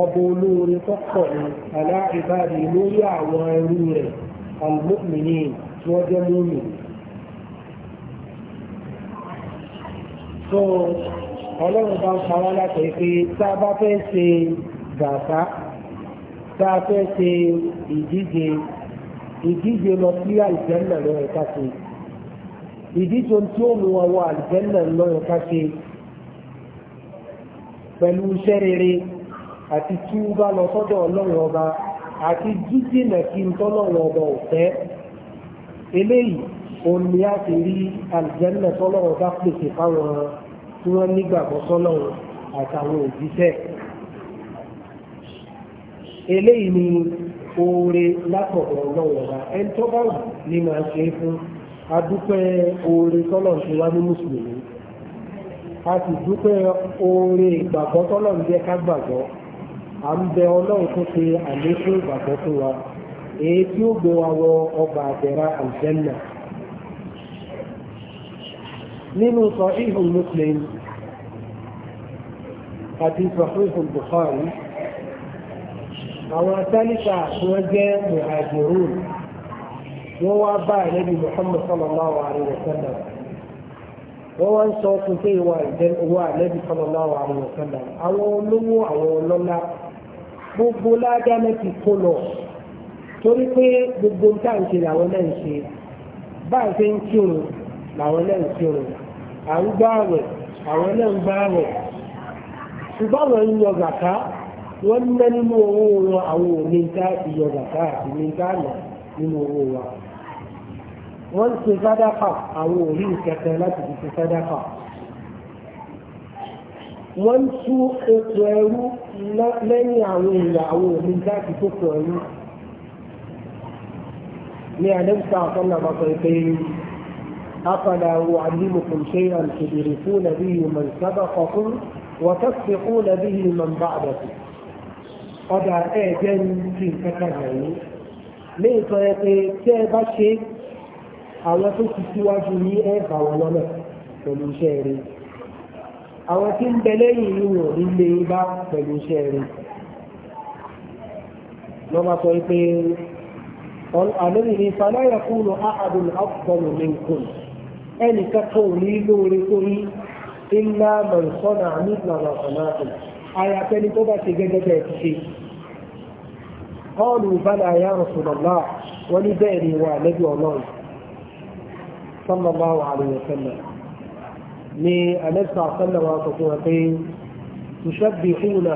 ọba olóore tọ́kọ̀ ní ala lórí àwọn ẹrú rẹ̀ al tí wọ́n jẹ́ mọ́mìnì so ọlọ́run bá ń pará láti pé tá a bá fẹ́ ṣe gàfá tá a fẹ́ ṣe ìdíje ìdíje lọ sí àlùjẹ́nà lọ́yọ̀ ká ṣe ìdíje tí ó mú wa wọ àlùjẹ́nà lọ́yọ̀ ká ṣe pẹ̀lú iṣẹ́ rere àti tí ó bá lọ sọ́dọ̀ ọlọ́run ọba àti jíjìnà kí n tọ́lọ́run ọba ò eléyìí òun ni a ti rí àlùjẹ́nà tọ́lọ́run bá pèsè fáwọn tí wọ́n nígbàgbọ́ sọ́lọ́run àtàwọn òjíṣẹ́ eléyìí ni oore látọ̀dọ̀ ọlọ́run ọba ẹni tó bá wù ní máa ṣe é fún adúpẹ́ oore tọ́lọ́run ti wá ní mùsùlùmí a sì dúpẹ́ oore ìgbàgbọ́ tọ́lọ́run jẹ́ ká gbàgbọ́ à ń bẹ ọlọ́run tó ṣe àlékún ìgbàgbọ́ fún wa èyí tí ó gbé wa wọ ọgbà àbẹ̀rà àlùjẹ́nà nínú sọ̀híhùn Muslim àti sọ̀híhùn Bukhari àwọn atálíkà wọ́n jẹ́ muhajirun wọ́n wá bá àlẹ́bí Muhammad sallallahu alaihi wa sallam wọ́n wá ń sọ fún pé ìwà ìwà àlẹ́bí sallallahu alaihi wa sallam àwọn olówó àwọn ọlọ́lá gbogbo ládàá ti kó lọ torí pé gbogbo táǹkì làwọn náà ń ṣe báyìí ṣe ń kírun làwọn náà ń kírun à ń gbá àwẹ̀ àwọn náà ń gbá àwẹ̀ ṣùgbọ́n àwọn ń wọ́n ná nínú owó wọn àwọn òní ká àti ní nínú owó wa wọ́n ń ṣe sádàkà àwọn òní ìkẹtẹ láti fi ṣe sádàkà wọ́n ń tú ètò ẹrú lẹ́yìn àwọn èèyàn àwọn òní ká ti ẹrú ní àdébùsà àtọ́nà àbàkọ̀ ìpẹ́yìn أفلا أعلمكم شيئا تدركون به من سبقكم وتسبقون به من بعدكم قد أعجن في كتابه ليه فيقي كيف شيء àwọn tó ti síwájú ní ẹ̀bà wọn lọ́nà pẹ̀lú iṣẹ́ rẹ̀ àwọn tí ń bẹ lẹ́yìn ìwọ̀n nílé bá pẹ̀lú iṣẹ́ rẹ̀ lọ́ máa sọ pé àlóyìn ìfaláyà kúrò áhàdùn àpọ̀lù minkum أن تقولي دوري كوري إلا من صنع مثل ما صنعتم أي أتني قبعة جدة تأتي قالوا بلى يا رسول الله ولداني والدي الله صلى الله عليه وسلم ني أنسى صلى الله عليه وسلم تشبهون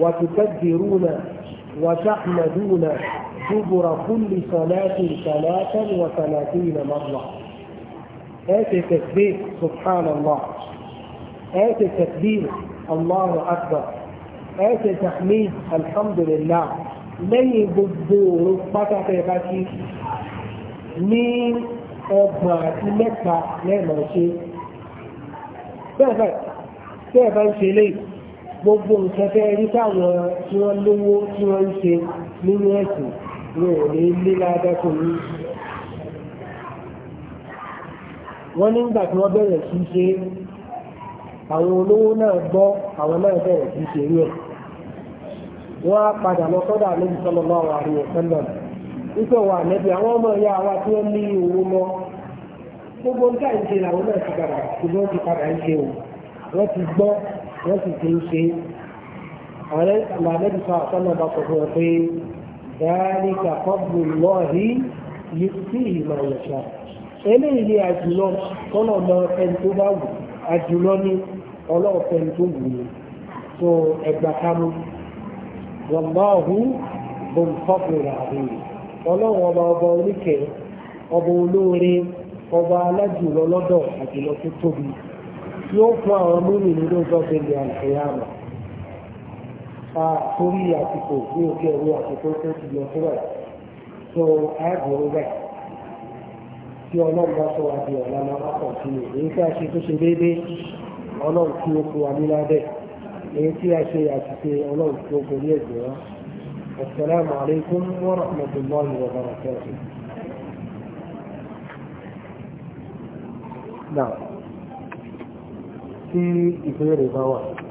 وتكبرون وتحمدون دبر كل صلاة ثلاثا وثلاثين مرة آتي تكبير سبحان الله آتي تكبير الله أكبر آتي تحميد الحمد لله لي بدور بطاقة باتي ní ọgbọ̀n àti mẹ́ta lẹ́ẹ̀mọ̀ ṣe bẹ́ẹ̀ bá ń ṣe lè gbogbo nǹkan fẹ́ rí táwọn tí wọ́n lówó tí wọ́n ń ṣe nínú ẹ̀sìn ní òní lílá dákùnrin wọ́n nígbà tí wọ́n bẹ̀rẹ̀ sí ṣe àwọn olówó náà gbọ́ àwọn náà bẹ̀rẹ̀ sí ṣe rí wọ́n á padà lọ sọ́dọ̀ àlejò sọ́lọ́ lọ́wọ́ àríwọ̀ sẹ́lẹ̀ wípé wà nẹ́bí àwọn ọmọ ìyá wa tí ní owó lọ gbogbo ń káyìí làwọn náà ti padà ti padà o wọ́n ti gbọ́ wọ́n sì ti ń ṣe eléyìí ni àjùlọ tọ́nà mọ ẹni tó bá wù àjùlọ ní ọlọ́ọ̀fẹ́ ẹni tó wù ní tó ẹgbà kánú wàláhù bọ̀ǹkọ́pìnrin àbúrò ọlọ́run ọba ọba oníkẹ́ ọba olóore ọba alájùlọ lọ́dọ̀ àjùlọ tó tóbi yóò fún àwọn múmi nínú ìjọba ilẹ̀ àìsàn àmà a torí àsìkò ní òkè ẹ̀rọ àsìkò tó ti lọ síwájú tó àgbọ̀rọ̀ báyìí tí ọlọ́run bá sọ àbí ọ̀la máa bá pọ̀ sí i èyí tí a ṣe tó ṣe déédéé ọlọ́run tí ó fún wa ní lábẹ́ èyí tí a ṣe àṣìṣe ọlọ́run tí ó borí ẹ̀gbẹ́ wa asalaamu alaykum wa rahmatulahi wa barakatuh. Now, ìbéèrè bá wà.